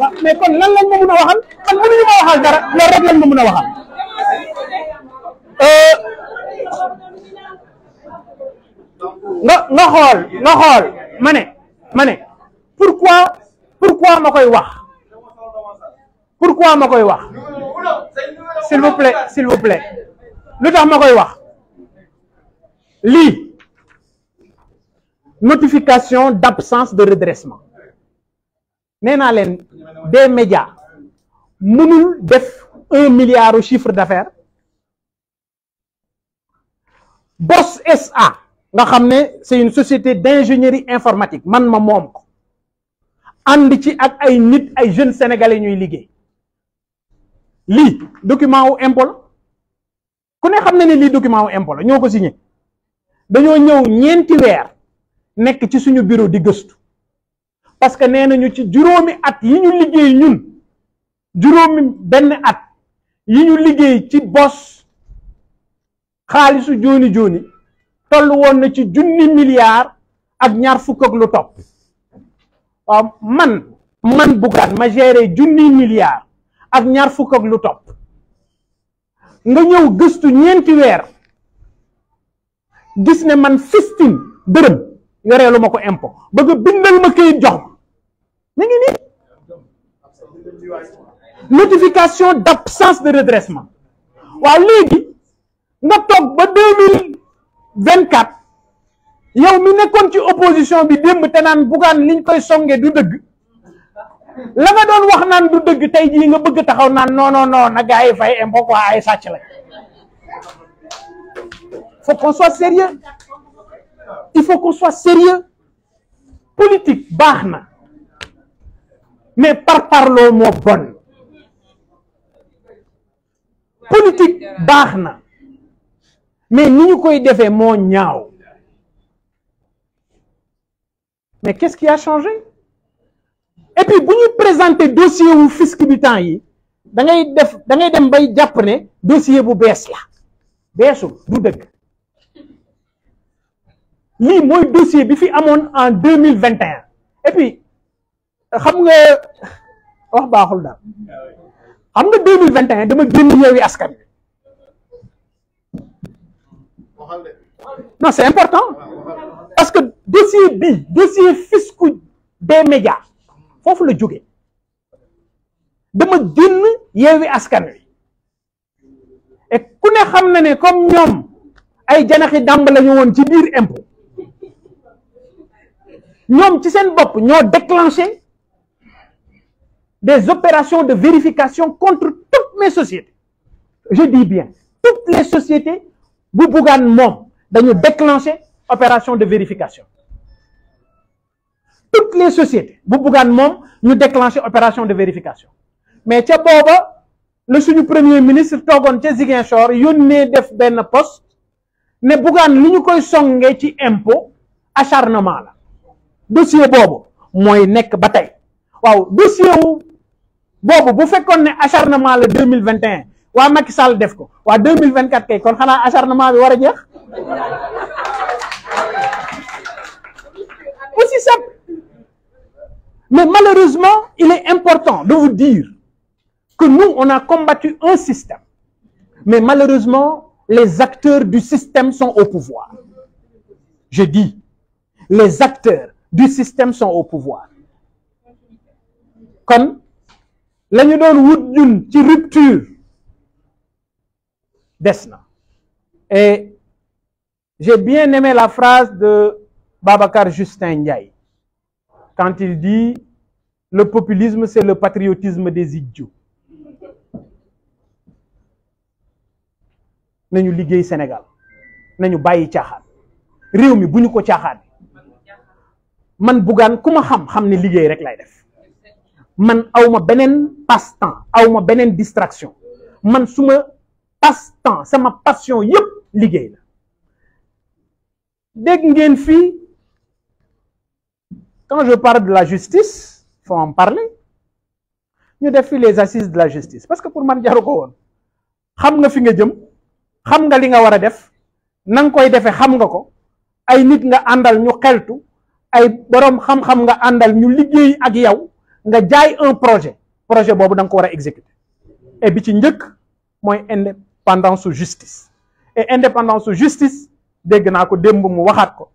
wa me kon lan lan mo mun waxal man mënuñu ma waxal dara loolu rek lan mo mun waxal euh nga nga xol nga xol mané mané pourquoi pourquoi makoy wax pourquoi ma vous wax s'il vous plaît s'il vous plaît lu tax wax notification d'absence de redressement nee des médias mënul def un milliard au chiffre d'affaires Boss SA c'est une société d'ingénierie informatique man ma moom Andi ci ak ay nit ay jeunes sénégalais ñuy lii document wu impôt ku ne xam na ne lii document wu impôt ñoo ko signé dañoo ñëw ñeenti weer nekk ci suñu bureau di gëstu parce que nee nañu ci juróomi at yi ñu liggéey ñun juróomi benn at yi ñu liggéey ci bos xaalisu jooni jooni toll woon na ci junni milliard ak ñaar fukk ak lu topp waaw man man Bougane ma géré junni milliard ak ñaar fukk ak lu topp nga ñëw gëstu ñeenti weer gis ne man fistine dërëm yoreelu ma ko impôt bëgg a bindal ma këyit jox ma ñu ngi nii notification d'absence de redressement waaw léegi nga toog ba deux mille nekkoon ci opposition bi démb te naan bugaan liñ koy songe du dëgg la nga doon wax naan du dëgg tey jii nga bëgg taxaw naan non non non na gars yi fay impôt quoi ay sàcc la il faut qu'on soit sérieux il faut qu'on soit sérieux politique baax na mais par parloo moo bon politique baax na mais ni ñu koy defee moo ñaaw mais qu'est-ce qui a changé et puis bu ñu présenter dossier wu fisc bi temps yi da ngay def dangay dem bay jàpp ne dossier bu bees la beesul du dëgg lii mooy dossier bi fi amoon en deux mille vingt et un xam nga wax baaxul daal xam nga deux mille dama génn yeewi askan non c'est important parce que dossier bi dossier fiscu des médias fofu la jóge dama yewi askan wi et ku ne xam na ne comme nous, ay janaxi damb lañu won ci biir impôt ñom ci sen bop ñoo déclenché des opérations de vérification contre toutes mes sociétés je dis bien toutes les sociétés bu buggaan mom dañu opérations opération de vérification toutes les sociétés bu buggaan nous opération de vérification mais tu sais, premier ministre toogoon il Ziguinchor a def poste ne li impôt acharnement dossier Bobo. dossier wu vous bu acharnement le 2021. Macky Sall def ko kay kon Mais malheureusement, il est important de vous dire que nous, on a combattu un système. Mais malheureusement, les acteurs du système sont au pouvoir. Je dis, les acteurs du système sont au pouvoir. Comme la ñu doon rupture d'Esna. et j'ai bien aimé la phrase de Babakar Justin Ndiaye quand il dit le populisme, c'est le patriotisme des idiots. nañu au Sénégal nañu sommes caaxaan réew mi bu ñu ko man bougane kuma ham ham ni ne rek lay def man awma benen passe temps awma benen distraction man suma passe temps sama passion yépp liggéey la dégg ngeen fi quand je parle de la justice il faut en parler Nous def les assises de la justice parce que pour man je xam nga xam nga li nga nit nga ñu xeltu ay borom xam-xam nga ñu liggéey nga un projet projet da exécuter et bi ci njëkk indépendance justice et indépendance justice dégg naa ko démb mu ko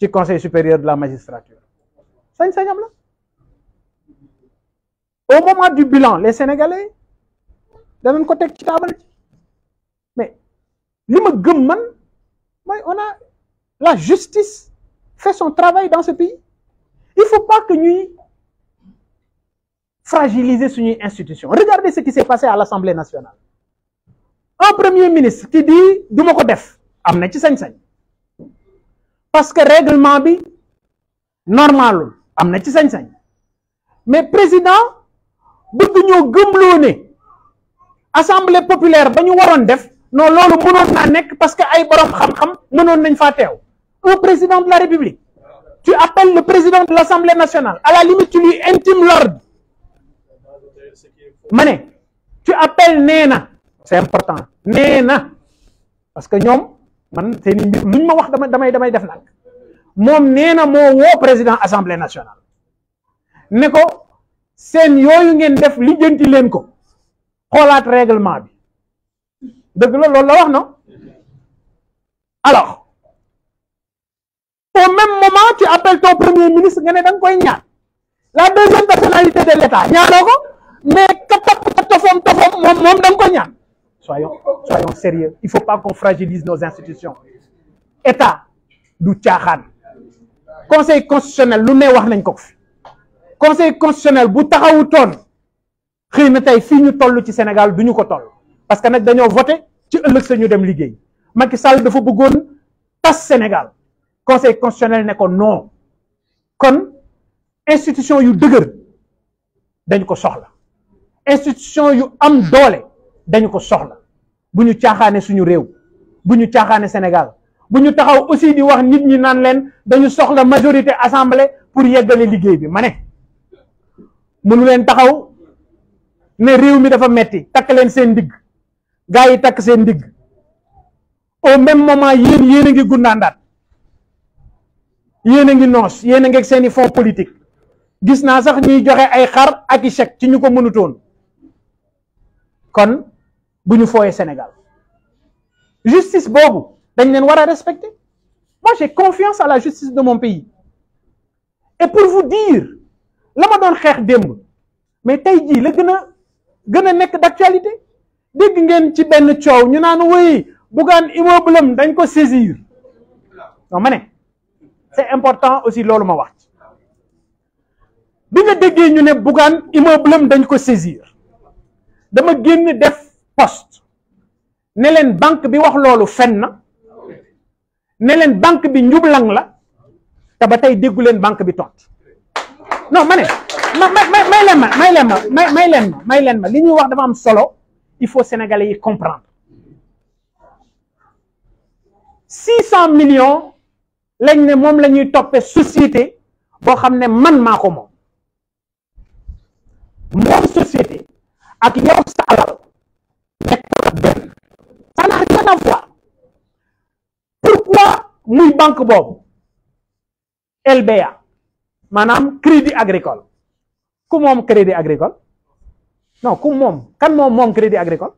du conseil supérieur de la magistrature ça une au moment du bilan les sénégalais la même côté que mais ce on a la justice fait son travail dans ce pays il ne faut pas que nous fragiliser ces institution regardez ce qui s'est passé à l'Assemblée nationale un premier ministre qui dit je ne parce que règlement bi normal. amna ci sañ-sañ mais président bëgg de gëmloo ne assemblée populaire bañu waron def non lolu mënoon na nek parce que ay borom xam-xam mënon nañ fa teew un président de la république tu appelles le président de l'assemblée nationale à la limite tu lui intimes l'ordre Mané. tu appelles Néna. c'est important néna parce que ñom man seen mbir luñ ma wax dama damay damay def nag moom nee na moo woo président assemblée nationale ne ko seen yooyu ngeen def lijjanti leen ko xoolaat règlement bi dëgg la loolu la wax non alors au même moment tu appelles ton premier ministre nga ne da nga koy ñaan la deuxième personnalité de l' état ñaanoo ko mais ka topp ka tofom tofom moom moom da nga ko ñaan Soyons, soyons sérieux. Il ne faut pas qu'on fragilise nos institutions. État du caaxaan conseil constitutionnel nous ne conseil constitutionnel bu taxawutoon xëy na tey fii ñu ci Sénégal du ñu ko parce que nous avons voté ci ëllëg sa dem nous Macky de dafa pas Le Sénégal conseil constitutionnel n'est qu'un non Comme institution yu dëgër dañ ko soxla institution yu am doole dañu bu ñu caaxaane suñu réew bu ñu caaxaane Sénégal bu ñu taxaw aussi di wax nit ñi naan leen dañu soxla majorité assemblée pour yeggale liggéey bi ma ne mënu leen taxaw ne réew mi dafa metti takk leen seen ndigg gaa yi takk seen ndigg au même moment yéen yéen a ngi gundaandaat yéen a ngi noos yéen a ngi ak seen politique gis naa sax ñuy joxe ay xar ak i chèque ci ñu ko mënutoon kon bu ñu Sénégal justice bobu dañ leen wara respecter moi j'ai confiance à la justice de mon pays et pour vous dire lama ma doon xeex mais tey jii la gëna a gën d'actualité dégg ngeen ci benn coow ñu naan woy Bougane immeuble dañ ko saisir non mané c'est important aussi loolu ma wax bi nga déggee ñu ne Bougane immeuble dañ ko saisir dama génn def poste ne bank banque bi wax lolu fen ne banque bi njublang la te ba banque bi tont non may may mais may may li solo il faut sénégalais comprendre six millions lañ ne mais, mais, société mais, xamné man société ak yow muy banque boobu LBA maanaam crédit agricole ku moom crédit agricole non ku moom kan moom moom crédit agricole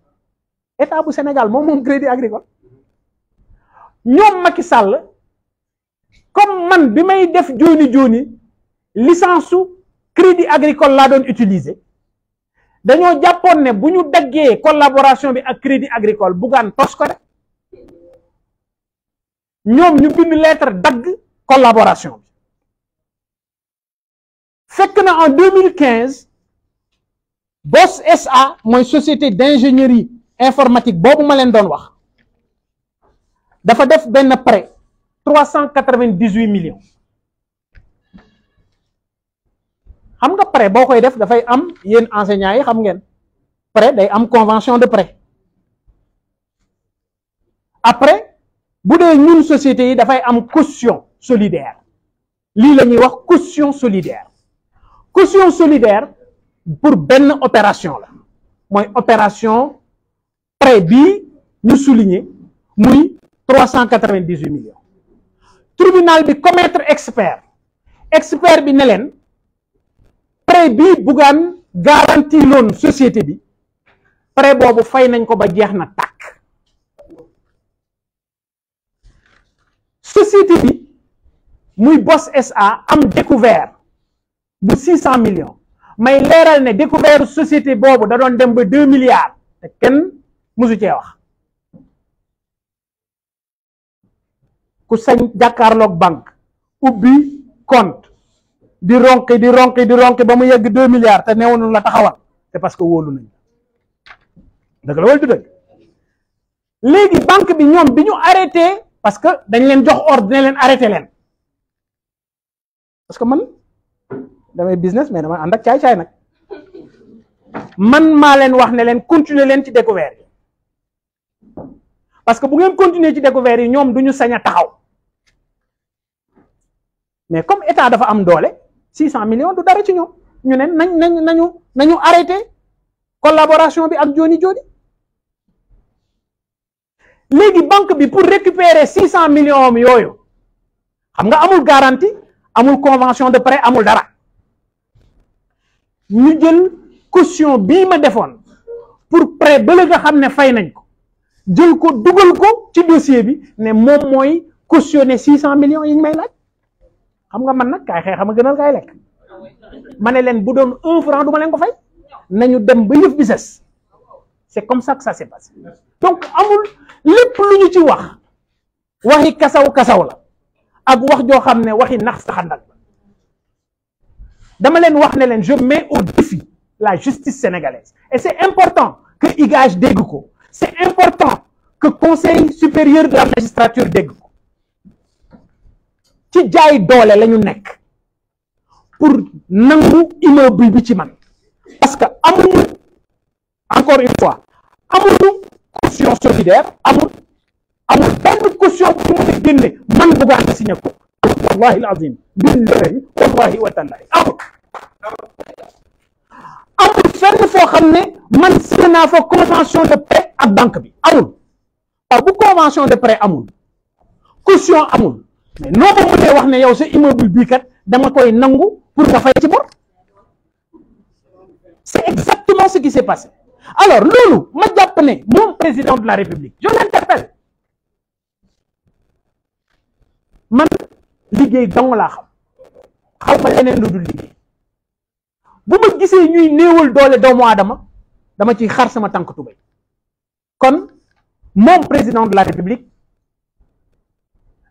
état bu Sénégal moom moom crédit agricole ñoom Macky Sall comme man bi may def jooni jooni licence su crédit agricole laa doon utiliser dañoo jàppoon ne bu ñu daggee collaboration bi ak crédit agricole buggaan tos ko rek nous ñu bind lettre d'ag collaboration C'est fekk en 2015 BOSS SA une société d'ingénierie informatique qui ma len doon wax dafa def prêt 398 millions xam nga prêt bokoy def da fay am yéen enseignants xam prêt day am convention de prêt après bu nous société yi avons une caution solidaire L'île le miroir caution solidaire caution solidaire pour une opération opération prêt nous nous souligner 398 398 millions tribunal de commettre expert expert bi ne prêt garantir société bi prêt fay na société bi muy Boss SA am découvert bu 600 millions may leral ne découvert société bobu da doon dem ba 2 milliards te kenn musu ci wax ku sañ jàkkaarloog bank ubi compte di ronki di ronki di ronki ba mu yegg 2 milliards te newoon la taxawal c'est parce que wolu nañ dëgg la wol du dëgg léegi banque bi ñom biñu ñu arrêté. parce que dañ leen jox ordre ne leen arrêté leen parce que man damay business mais dama ànd ak caay-caay nag man maa leen wax ne leen continuer leen ci découvert yi parce que bu ngeen continuer ci découvert yi ñoom du ñu sañ a taxaw mais comme état dafa am doole six cent millions du dara ci ñoom ñu neen nañ nañ nañu nañu arrêté collaboration bi ak jooni jooni Les banque bi pour récupérer 600 millions am xam garantie amul convention de prêt amul dara ñu caution bi ma fonds pour prêt Pour nga fay nañ ko jël ko ko ci dossier bi ne mom une cautionner 600 millions yi may laaj xam nga man gënal bu doon un franc pour ma ko fay nañu dem ba c'est comme ça que ça s'est passé donc amul lepp lu ñu ci wax waxi kasaw kasaw la ak wax jo xam waxi nax saxandal la dama len wax ne len je mets au défi la justice sénégalaise et c'est important que IGAJ dégg ko c'est important que conseil supérieur de la magistrature dégg ko ci jaay doole lañu ñu nekk pour nangu immeuble bi ci man parce que amul encore une fois amul caution solidaire amul amul benn caution pour mu ne génne man buggaan a signé ko wallahi alazim azim billahi wallahi wa tallahi amul amul fenn foo xam man signé naa fa convention de prêt ak banque bi amul waaw bu convention de prêt amul caution amul mais non, ko mënee wax né yow ce immeuble bi kat dama koy nangu pour da fay ci bor c'est exactement ce qui s'est passé alors Loulou, je suis président de la république je l'interpelle Je la la xam de Vous vous dis que de je mon président de la république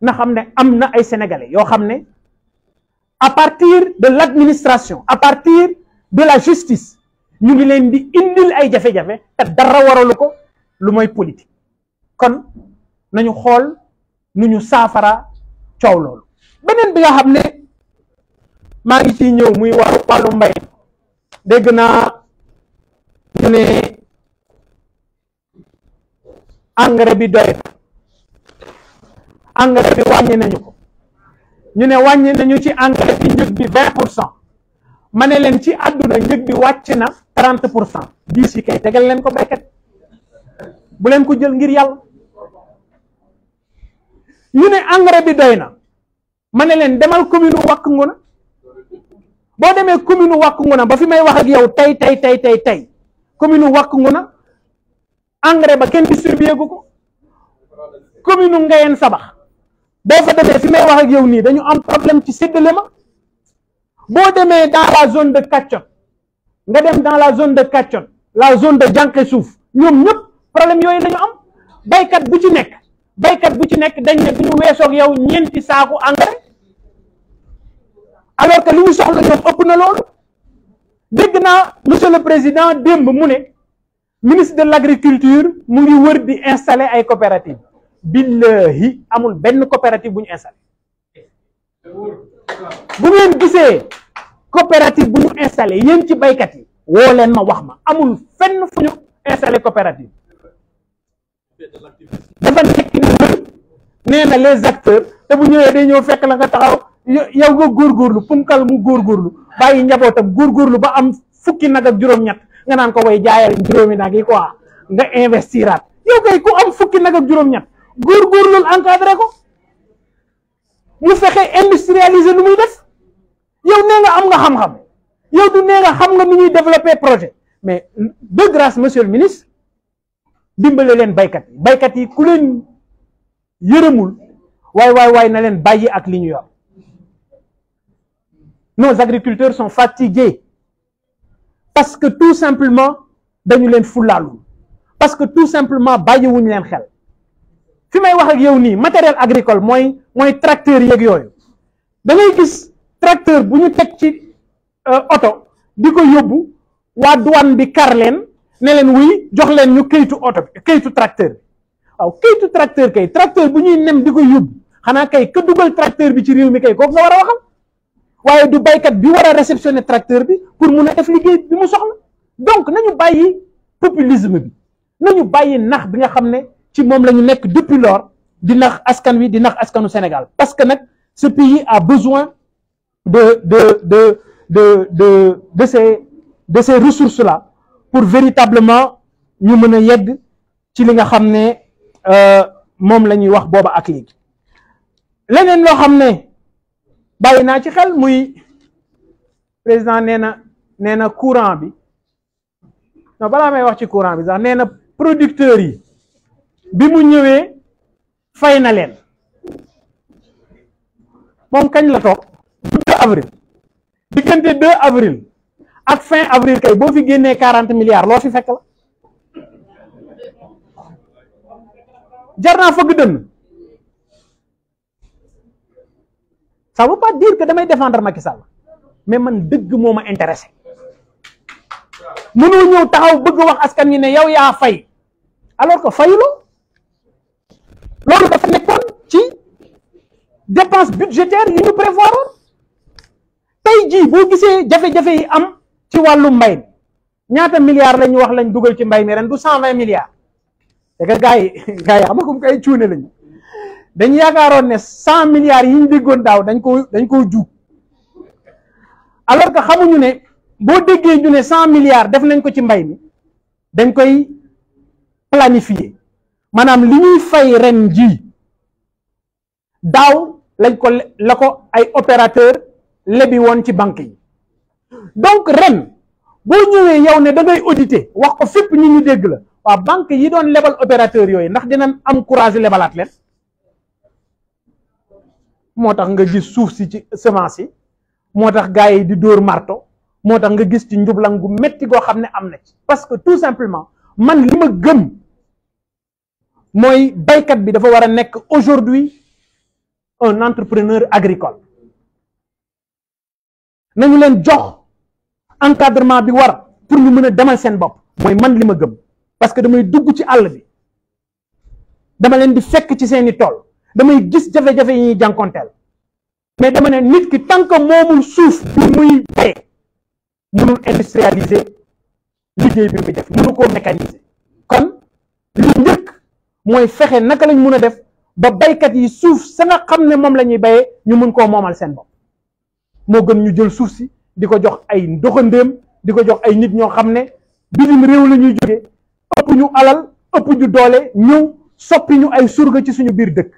je sénégalais à partir de l'administration à partir de la justice ñu ngi leen di indil ay jafe-jafe te dara waralu ko lu mooy politique kon nañu xool nu ñu saafara coow loolu beneen bi nga xam ne maa ngi ciy ñëw muy wàllu wàllu mbay dégg naa ñu ne engrais bi doy na engrais bi wàññi nañu ko ñu ne wàññi nañu ci engrais bi njëg bi vingt ma ne leen ci àdduna njëg bi wàcc na trente pour cent dix yi kay tegal leen ko béykat bu leen ko jël ngir yàlla ñu ne engrais bi doy na ma ne leen demal commune wàkk nguna boo demee commune wàkk na ba fi may wax ak tey tey tey tey tey commune wàkk na engrais ba kenn distribué gu ko commune Ngayeen Sabax boo fa demee fi may wax ak nii dañu am problème ci séddale ma boo demee dans zone de Katchot nga dem dans la zone de Katchon, la zone de Jànke Souf, ñoom ñëpp problème yooyu la ñu am baykat bu ci nekk baykat bu ci nekk dañ ne bu ñu weesoog yow ñeenti saaku engrais alors que li ñu soxla ñoom ëpp na loolu dégg naa monsieur le président démb mu ne ministre de l' agriculture mu ngi wër di installer ay coopérative billahi amul benn coopérative bu ñu installé bu ngeen gisee coopérative bu ñu installé yéen ci baykat yi woo leen ma wax ma amul fenn fu ñu installé coopérative dafa nekk ni nee na les acteurs te bu ñëwee day ñëw fekk la nga taxaw yow nga góorgóorlu punkal mu góorgóorlu bàyyi njabootam góorgóorlu ba am fukki nag ak juróom-ñett nga naan ko way jaayal juróomi nag yi quoi nga investiraat yow kay ku am fukki nag ak juróom-ñett góorgóorlu encadré ko mu fexe industrialiser lu muy def yow nee nga am nga xam-xam yow du nee nga xam nga ni ñuy développer projet mais de grâce monsieur le ministre dimbalé len baykat yi baykat yi ku len yërëmul way way way na len bayyi ak li ñu yor nos agriculteurs sont fatigués parce que tout simplement dañu len fulaalul parce que tout simplement wuñ len xel fi may wax ak yow ni matériel agricole moy moy tracteur yeeg yooyu da ngay gis tracteur bu ñu teg ci euh, oto di ko yóbbu waa douane bi kar leen ne leen wuy jox leen ñu kayitu auto bi kayitu tracteur bi waaw tracteur kay tracteur bu ñuy nem di ko yóbbu kay ka dugal tracteur bi ci réew mi kay ko nga wara waxal waye du baykat bi wara réceptionner tracteur bi pour mun a def liggéey bi mu soxla donc nañu bayyi populisme bi nañu bayyi nax bi nga xam ci mom lañu nek depuis lors di nax askan wi di nax askanu Sénégal parce que nak ce pays a besoin de, de, de, de, de, de ces, de ces ressources-là pour véritablement ñu que ci li nga xamné euh mom lañuy wax ak ci xel muy président néna néna courant bi non bala may wax ci courant bi sax néna producteur yi bi mu fay na kañ la avril diggante 2 avril ak fin avril kay bo fi génnee 40 milliards lo fi fekk la jar naa fëgg dënn ça veut pas dire que damay défendre Macky Sall mais man dëgg moma intéressé mënoo ñëw taxaw bëgg wax askan ñi ne yow yaa fay alors que fayuloo loolu dafa nekkoon ci dépense budgétaire yi ñu prévoiroon tey jii boo gisee jafe-jafe yi am ci wàllu mbay mi ñaata milliards la ñu wax lañ dugal ci mbay mi ren du cent vingt milliards te que gars yi gars yi xam nga cuune lañu dañu yaakaaroon ne cent milliards yi ñu déggoon daaw dañ koo dañ koo juug alors que xamuñu ne boo déggee ñu ne cent milliards def nañ ko ci mbay mi dañ koy planifier maanaam li ñuy fay ren jii daaw lañ ko la ko ay opérateur lebi won ci banque yi donc ren bo ñëwee yow ne da ngay auditer wax ko fépp ñi ñu dégg la wa banque yi doon lebal opérateur yoy ndax dinañ am courage lebalaat leen motax nga gis souf ci semence yi moo yi di dóor marto motax nga gis ci njublan gu metti go xamné amna ci parce que tout simplement man li ma gëm moy baykat bi dafa war aujourd'hui un entrepreneur agricole nañu leen jox encadrement bi war pour ñu mën a demal seen bopp mooy man li ma gëm parce que damay dugg ci àll bi dama leen di fekk ci seeni tool damay gis jafe-jafe yi ñuy jànkonteel mais dama ne nit ki tant que moomul suuf bi muy bayee mënul industrialiser liggéey bi mu def mënu koo mécaniser kon li njëkk mooy fexe naka lañ mun a def ba baykat yi suuf sa nga xam ne moom la ñuy bayee ñu mun koo moomal seen bopp moo gën ñu jël suuf si di ko jox ay ndoxandéem di ko jox ay nit ñoo xam ne réew la ñuy ëpp ñu alal ëpp ñu doole ñëw soppi ñu ay surga ci suñu biir dëkk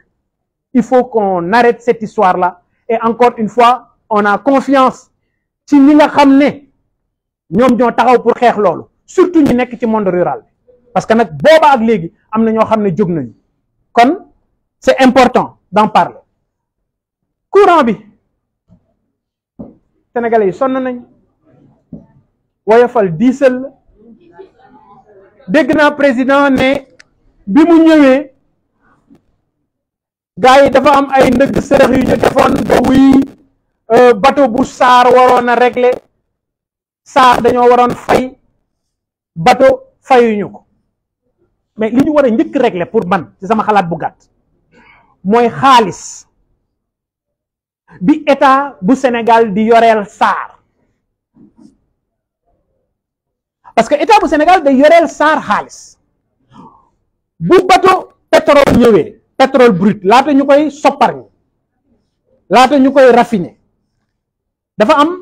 il faut qu'on arrête cette histoire là et encore une fois on a confiance ci nous nga xam ñom ñoom ñoo taxaw pour xeex loolu surtout ñi nekk ci monde rural parce que nak boba ak légui amna ño ñoo xam kon c'est important d'en parler courant bi sénégalais yi sonn nañ woyofal diisal la dégg naa président ne bi mu ñëwee gars yi dafa am ay ndëgg sërëx yu ñu defoon ba wuy euh, bateau bu saar waroon a régler saar dañoo waroon fay bateau fayuñu ko mais li ñu war a njëkk régler pour man ci sama xalaat bu gàtt mooy xaalis bi état bu Sénégal di yoreel SAR parce que état bu Sénégal day yoreel SAR xaalis bu bato pétrole ñëwee pétrole brut laata ñu koy sopparñi laata ñu koy raffiner dafa am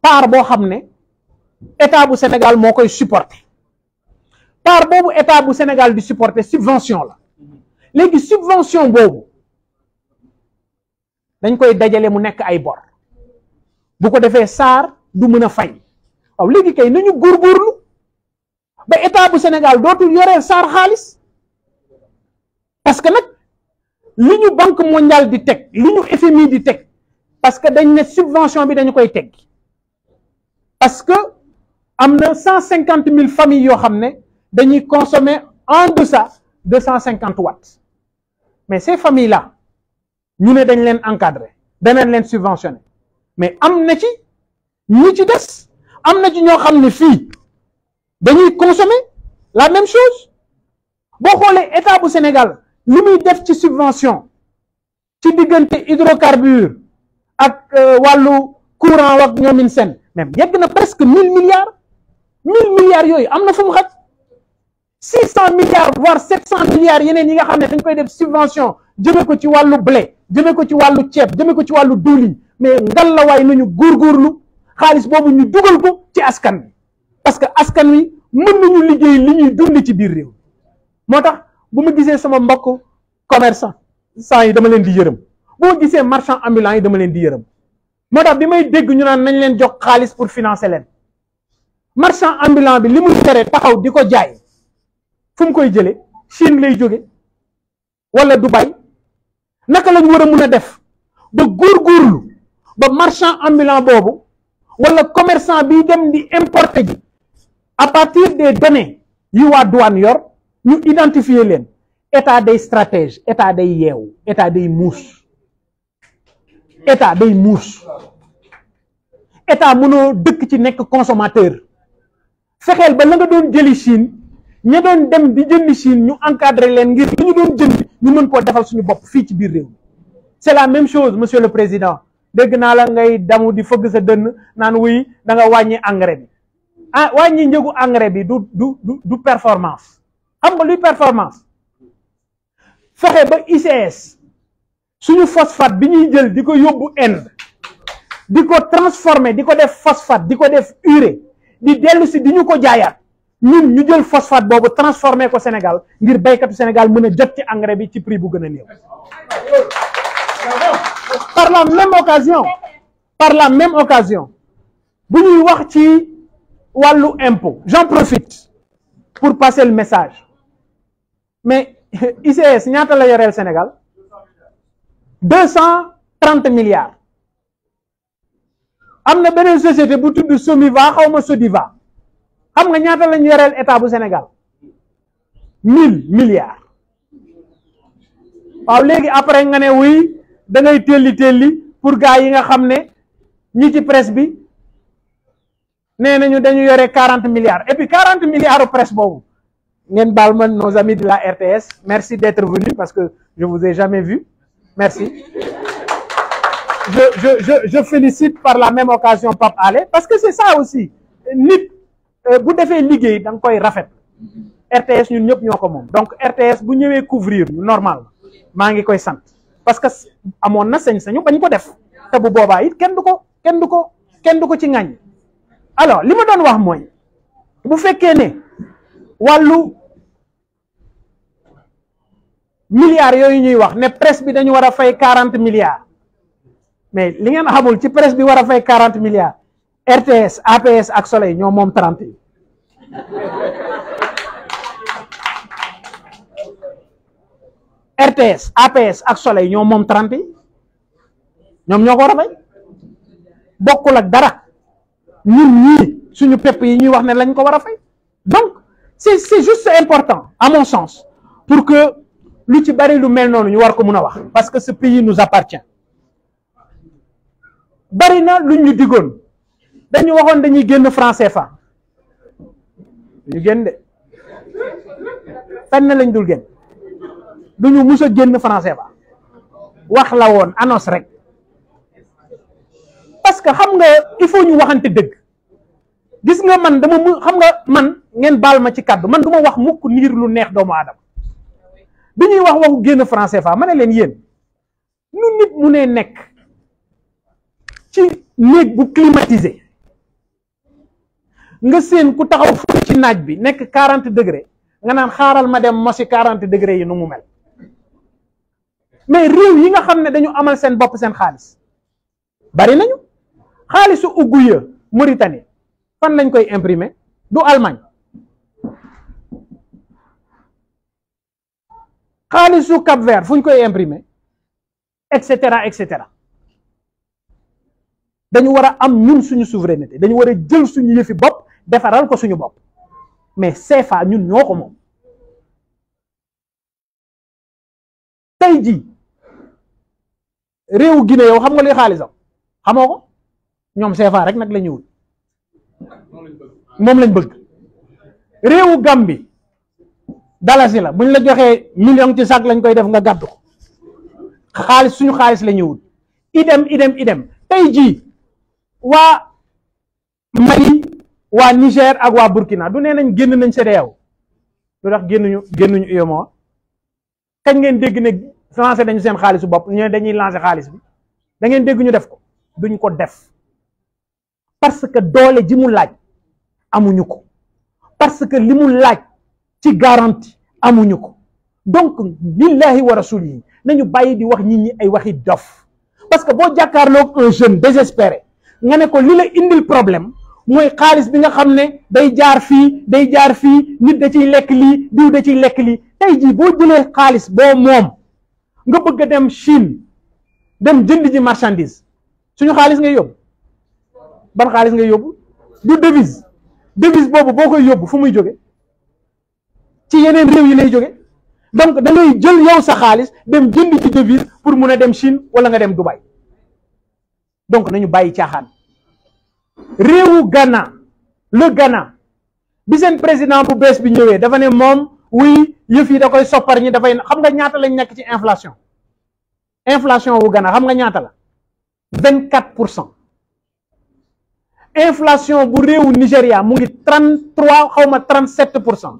part boo xam ne état bu Sénégal moo koy supporter part boobu état bu Sénégal di supporter subvention la léegi subvention boobu dañ koy dajale mu nekk ay bor bu ko defee saar du mën a fay waaw léegi kay nañu góorgóorlu ba état bu Sénégal dootul yoree saar xaalis parce que nag li ñu banque mondiale di teg li ñu FMI di teg parce que dañ ne subvention bi dañu koy teg parce que am na cent cinquante mille familles yoo xam ne dañuy consommer en deçà de cent cinquante watts mais ces familles là nous devons encadrer, nous devons subventionner. Mais nous devons amener des gens qui filles, consommer la même chose. Si vous l'État du Sénégal, nous devons faire des subventions, des hydrocarbures, et euh, les courants, des même il y a presque 1000 milliards, 1000 milliards, il y a 600 milliards, voire 700 milliards, il y a des subventions, je veux que le blé. jëme ko ci wàllu ceeb jëme ko ci wàllu diwlin mais ngal la waay nañu góorgóorlu xaalis boobu ñu dugal ko ci askan wi parce que askan wi mën nañu liggéey li ñuy dund ci biir réew moo tax bu ma gisee sama mbokk commerçant sant yi dama leen di yërëm bu gisee marchand ambulant dama leen di yërëm moo tax bi may dégg ñu naan nañ leen jox xaalis pour financer leen marchand ambulant bi li muy tere taxaw di ko jaay fu mu koy jëlee Chine lay jóge wala Dubai naka lañ war a mun a def ba góorgóorlu ba marchand ambulant boobu wala commerçant bi dem di importer ji à partir des données yi waa douane yor ñu identifier leen état day stratège état day yeew état day muus état day muus état mënoo dëkk ci nekk consommateur fexeel ba la nga doon jëli Chine ña doon dem di jëndi Chine ñu encadré leen ngir li ñu doon jënd ñu mën koo defal suñu bopp fii ci biir réew mi c'est la même chose monsieur le président dégg naa la ngay damu di fëgg sa dënn naan wuy da nga wàññi engrais bi ah wàññi njëgu engrais bi du du performance am nga luy performance fexe ba ICS suñu phosphate bi ñuy jël di ko yóbbu Inde di ko transformer di ko def phosphate di ko def urée di dellu si di ñu ko jaayaat ñun ñu jël phosphate boobu transformé ko Sénégal ngir baykatu Sénégal mën a jot ci engrais bi ci prix bu gën a néew par la même occasion par la même occasion bu ñuy wax ci wàllu impôt j'en profite pour passer le message mais ICS ñaata la yoreel Sénégal 230 milliards am na beneen société bu tudd Somiva xaw ma Sodiva vous nga combien lañ yoreel Sénégal 1000 milliards après nga avons oui, da ngay telli pour gars yi nga presse milliards et puis 40 milliards presse Nous Nous, nos amis de la RTS merci d'être venus, parce que je ne vous ai jamais vu merci je je je félicite par la même occasion Pape Allé, parce que c'est ça aussi Euh, bu defee liggéey da nga koy rafet mm-hmm. RTS ñun ñëpp ñoo ko moom donc RTS bu ñëwee couvrir normal maa ngi koy sant parce que amoon na sañ-sañu bañ ko def te bu boobaa it kenn du ko kenn du ko kenn du ko ci ŋàññ alors li ma doon wax mooy bu fekkee ne wàllu milliards yooyu ñuy wax ne presse bi dañu war a fay quarante milliards mais li ngeen xamul ci presse bi war a fay quarante milliards RTS APS ak Soleil ñoo 30 RTS APS ak Soleil ñoo mom 30 ñoom ñoo ko ak dara ñun ñi suñu yi wax lañ ko donc c'est c'est juste important à mon sens pour que lu ci bari lu mel noonu ñu parce que ce pays nous appartient bari na dañuy waxoon dañuy génn franc fa duñu génn de fenn lañ dul génn duñu mus a génn franc CFA wax la woon annonce rek parce que xam nga il faut ñu waxante dëgg gis nga man dama mu xam nga man ngeen baal ma ci kàddu man du ma wax mukk niir lu neex doomu aadama bi ñuy wax waxu génn franc CFA ma ne leen yéen nu nit mu ne nekk ci néeg bu climatisé nga séen ku taxaw fu ci naaj bi nekk quarante degré nga naan xaaral ma dem mosi 40 degré yi nu mu mel mais réew yi nga xam ne dañu amal seen bopp seen xaalis bari nañu xaalisu Ouguiya Mauritanie fan lañ koy imprimer du Allemagne xaalisu Cap-Vert fu ñu koy imprimer et cetera et cetera dañu war a am ñun suñu souveraineté dañu war a jël suñu yëfi bopp defaral ko suñu bopp mais CFA ñun ñoo ko moom tey jii réewu Guinée yow xam nga luy xaalisam xamoo ko ñoom CFA rek nag la ñëwul moom lañ bëgg réewu Gambie dalasi la buñ la joxee million ci sac lañ koy def nga gàddu ko xaalis suñu xaalis la ñëwul idem idem idem tey jii waa Mali wa Niger ak wa Burkina du nenañ genn nañ ci rew lu tax gennuñu gennuñu UEMOA kañ ngeen dégg ne lancé dañu seen xaalisu bop ñu dañuy lancer xaalis bi da ngeen dégg ñu def ko duñ ko def parce que doole ji mu laaj amuñu ko parce que limu laaj ci garantie amuñu ko donc billahi wa rasulihi nañu bayyi di wax nit ñi ay waxi dof parce que bo jakarlo un jeune désespéré nga ne ko lila indil problème mooy xaalis bi nga xam ne day jaar fii day jaar fii nit da ciy lekk lii diw da ciy lekk lii tey jii boo jëlee xaalis boo moom nga bëgg dem Chine dem jënd ji marchandise suñu xaalis ngay yóbbu ban xaalis ngay yóbbu du devise devise boobu boo koy yóbbu fu muy jóge ci yeneen réew yi lay jóge donc da ngay jël yow sa xaalis dem jënd ci devise pour mun a dem Chine wala nga dem Dubaï donc nañu bàyyi caaxaan Réou Ghana, le Ghana. le président pour Bess Bignoué, devenez mom, oui, il a d'accord, sauf par une, devenez, comme gagnant à inflation. Inflation au Ghana, comme gagnant à la. 24%. Inflation au Réou Nigeria, mouni 33, 37%.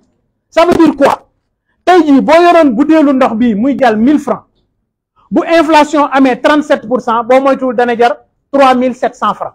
Ça veut dire quoi? avez un voyons, boudé l'undorbi, mouni gal 1000 francs. Bou inflation à 37%, bon, moi, tout le 3700 francs.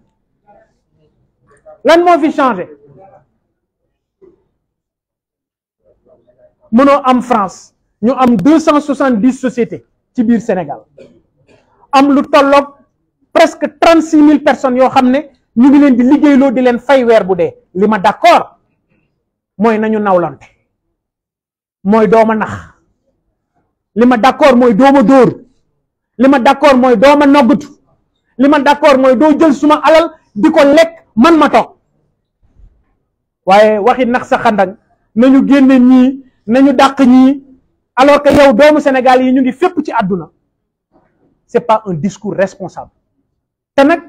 lan nous fi changé sommes en France nous am 270 sociétés ci biir Sénégal am lu presque 36 000 personnes yoo xam ne ñu ngi leen di liggéeyloo di leen fay weer bu dee li d'accord mooy nañu nawlante mooy dooma nax d'accord mooy dooma dóor li d'accord mooy dooma noggatu li d'accord mooy doo jël suma alal di ko man waye waxi nax sa xandang nañu génne ñii nañu dàq ñii alors que yow doomu Sénégal yi ñu ngi fépp ci aduna c'est pas un discours responsable té nak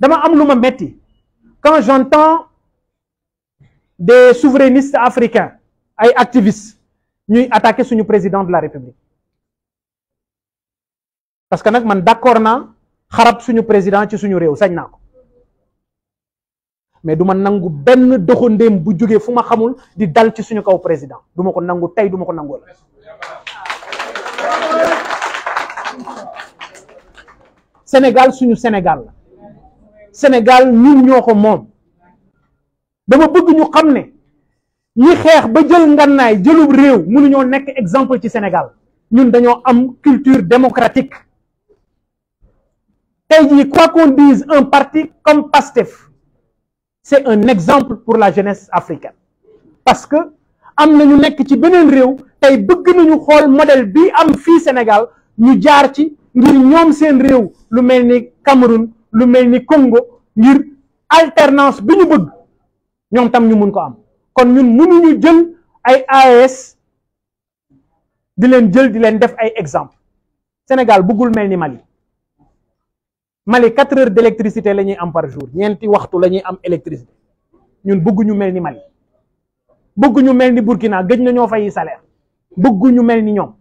dama am luma metti quand j'entends des souverainistes africains ay activistes ñuy attaquer suñu président de la République parce que nak man d'accord na xarab suñu président ci suñu réew sañ naa mais je ne ben pas bu peu fuma xamul di dal ci suñu kaw président duma ko nangou tay duma ko nangol Sénégal suñu Sénégal Sénégal ñun ñoko nous dama bëgg ñu xamné ñi xex ba jël exemple Sénégal ñun dañoo culture démocratique quoi qu'on dise un parti comme PASTEF c'est un exemple pour la jeunesse africaine parce que nous na ci beneen réew t'ay bëgg nañu un modèle bi am Sénégal ñu jaar ci ngir sommes seen réew Le Cameroun lu mel Congo nous alternance bi ñu bëgg ñom tam ñu mun ko am kon ñun ñu jël ay AES di leen jël di leen def exemple Sénégal bëggul melni Mali Mali quatre heures d'électricité lañuy am par jour ñenti waxtu lañuy am électricité ñun bëggu ñu melni Mali bëggu ñu melni Burkina gëj na fay salaire bëggu ñu melni ñom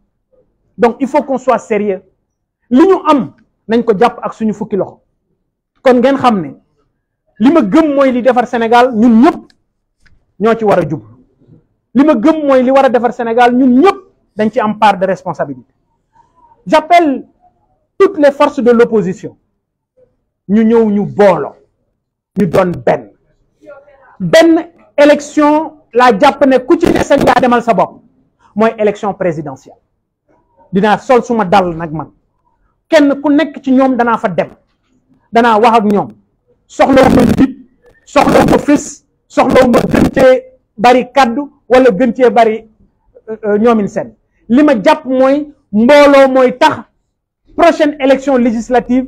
donc il faut qu'on soit sérieux li ñu am nañ ko japp ak suñu fukki loxo kon ngeen xamné lima li gëm moy li défar Sénégal ñun ñëpp ño ci wara a lima li gëm moy li wara défar Sénégal ñun ñëpp dañ ci am part de responsabilité j'appelle toutes les forces de l'opposition ñu ñew ñu bolo ñu doon Ben ben élection la japp ne ku ci ne sañ ngaa demal sa bopp moy élection présidentielle Dina sol suma dal nak man kenn ku nekk ci ñom dana fa dem dana wax ak ñom soxlawu ma njiit soxlawu ma fis soxlawu ma gën cee bari kaddu wala gën cee bari euh, euh, ñoomin seen li ma jàpp mooy mbooloo mooy tax prochaine élection législative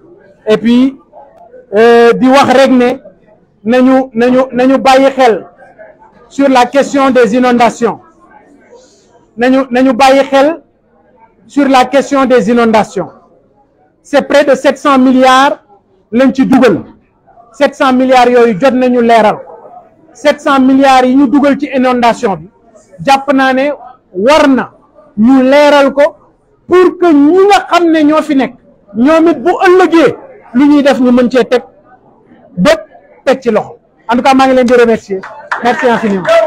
et puis euh, di wax rek nañu nañu nañu xel sur la question des inondations nañu nañu bayyi xel sur la question des inondations c'est près de 700 milliards lañ ci 700 milliards yoyu jot nañu léral 700 milliards yi ñu dougal ci inondation bi japp naa ne ñu léral ko pour que ñi nga nous ne ñoo fi nekk bu li ñuy def ñu mën cee teg bët teg ci loxo en tout maa ngi leen di remercier merci infiniment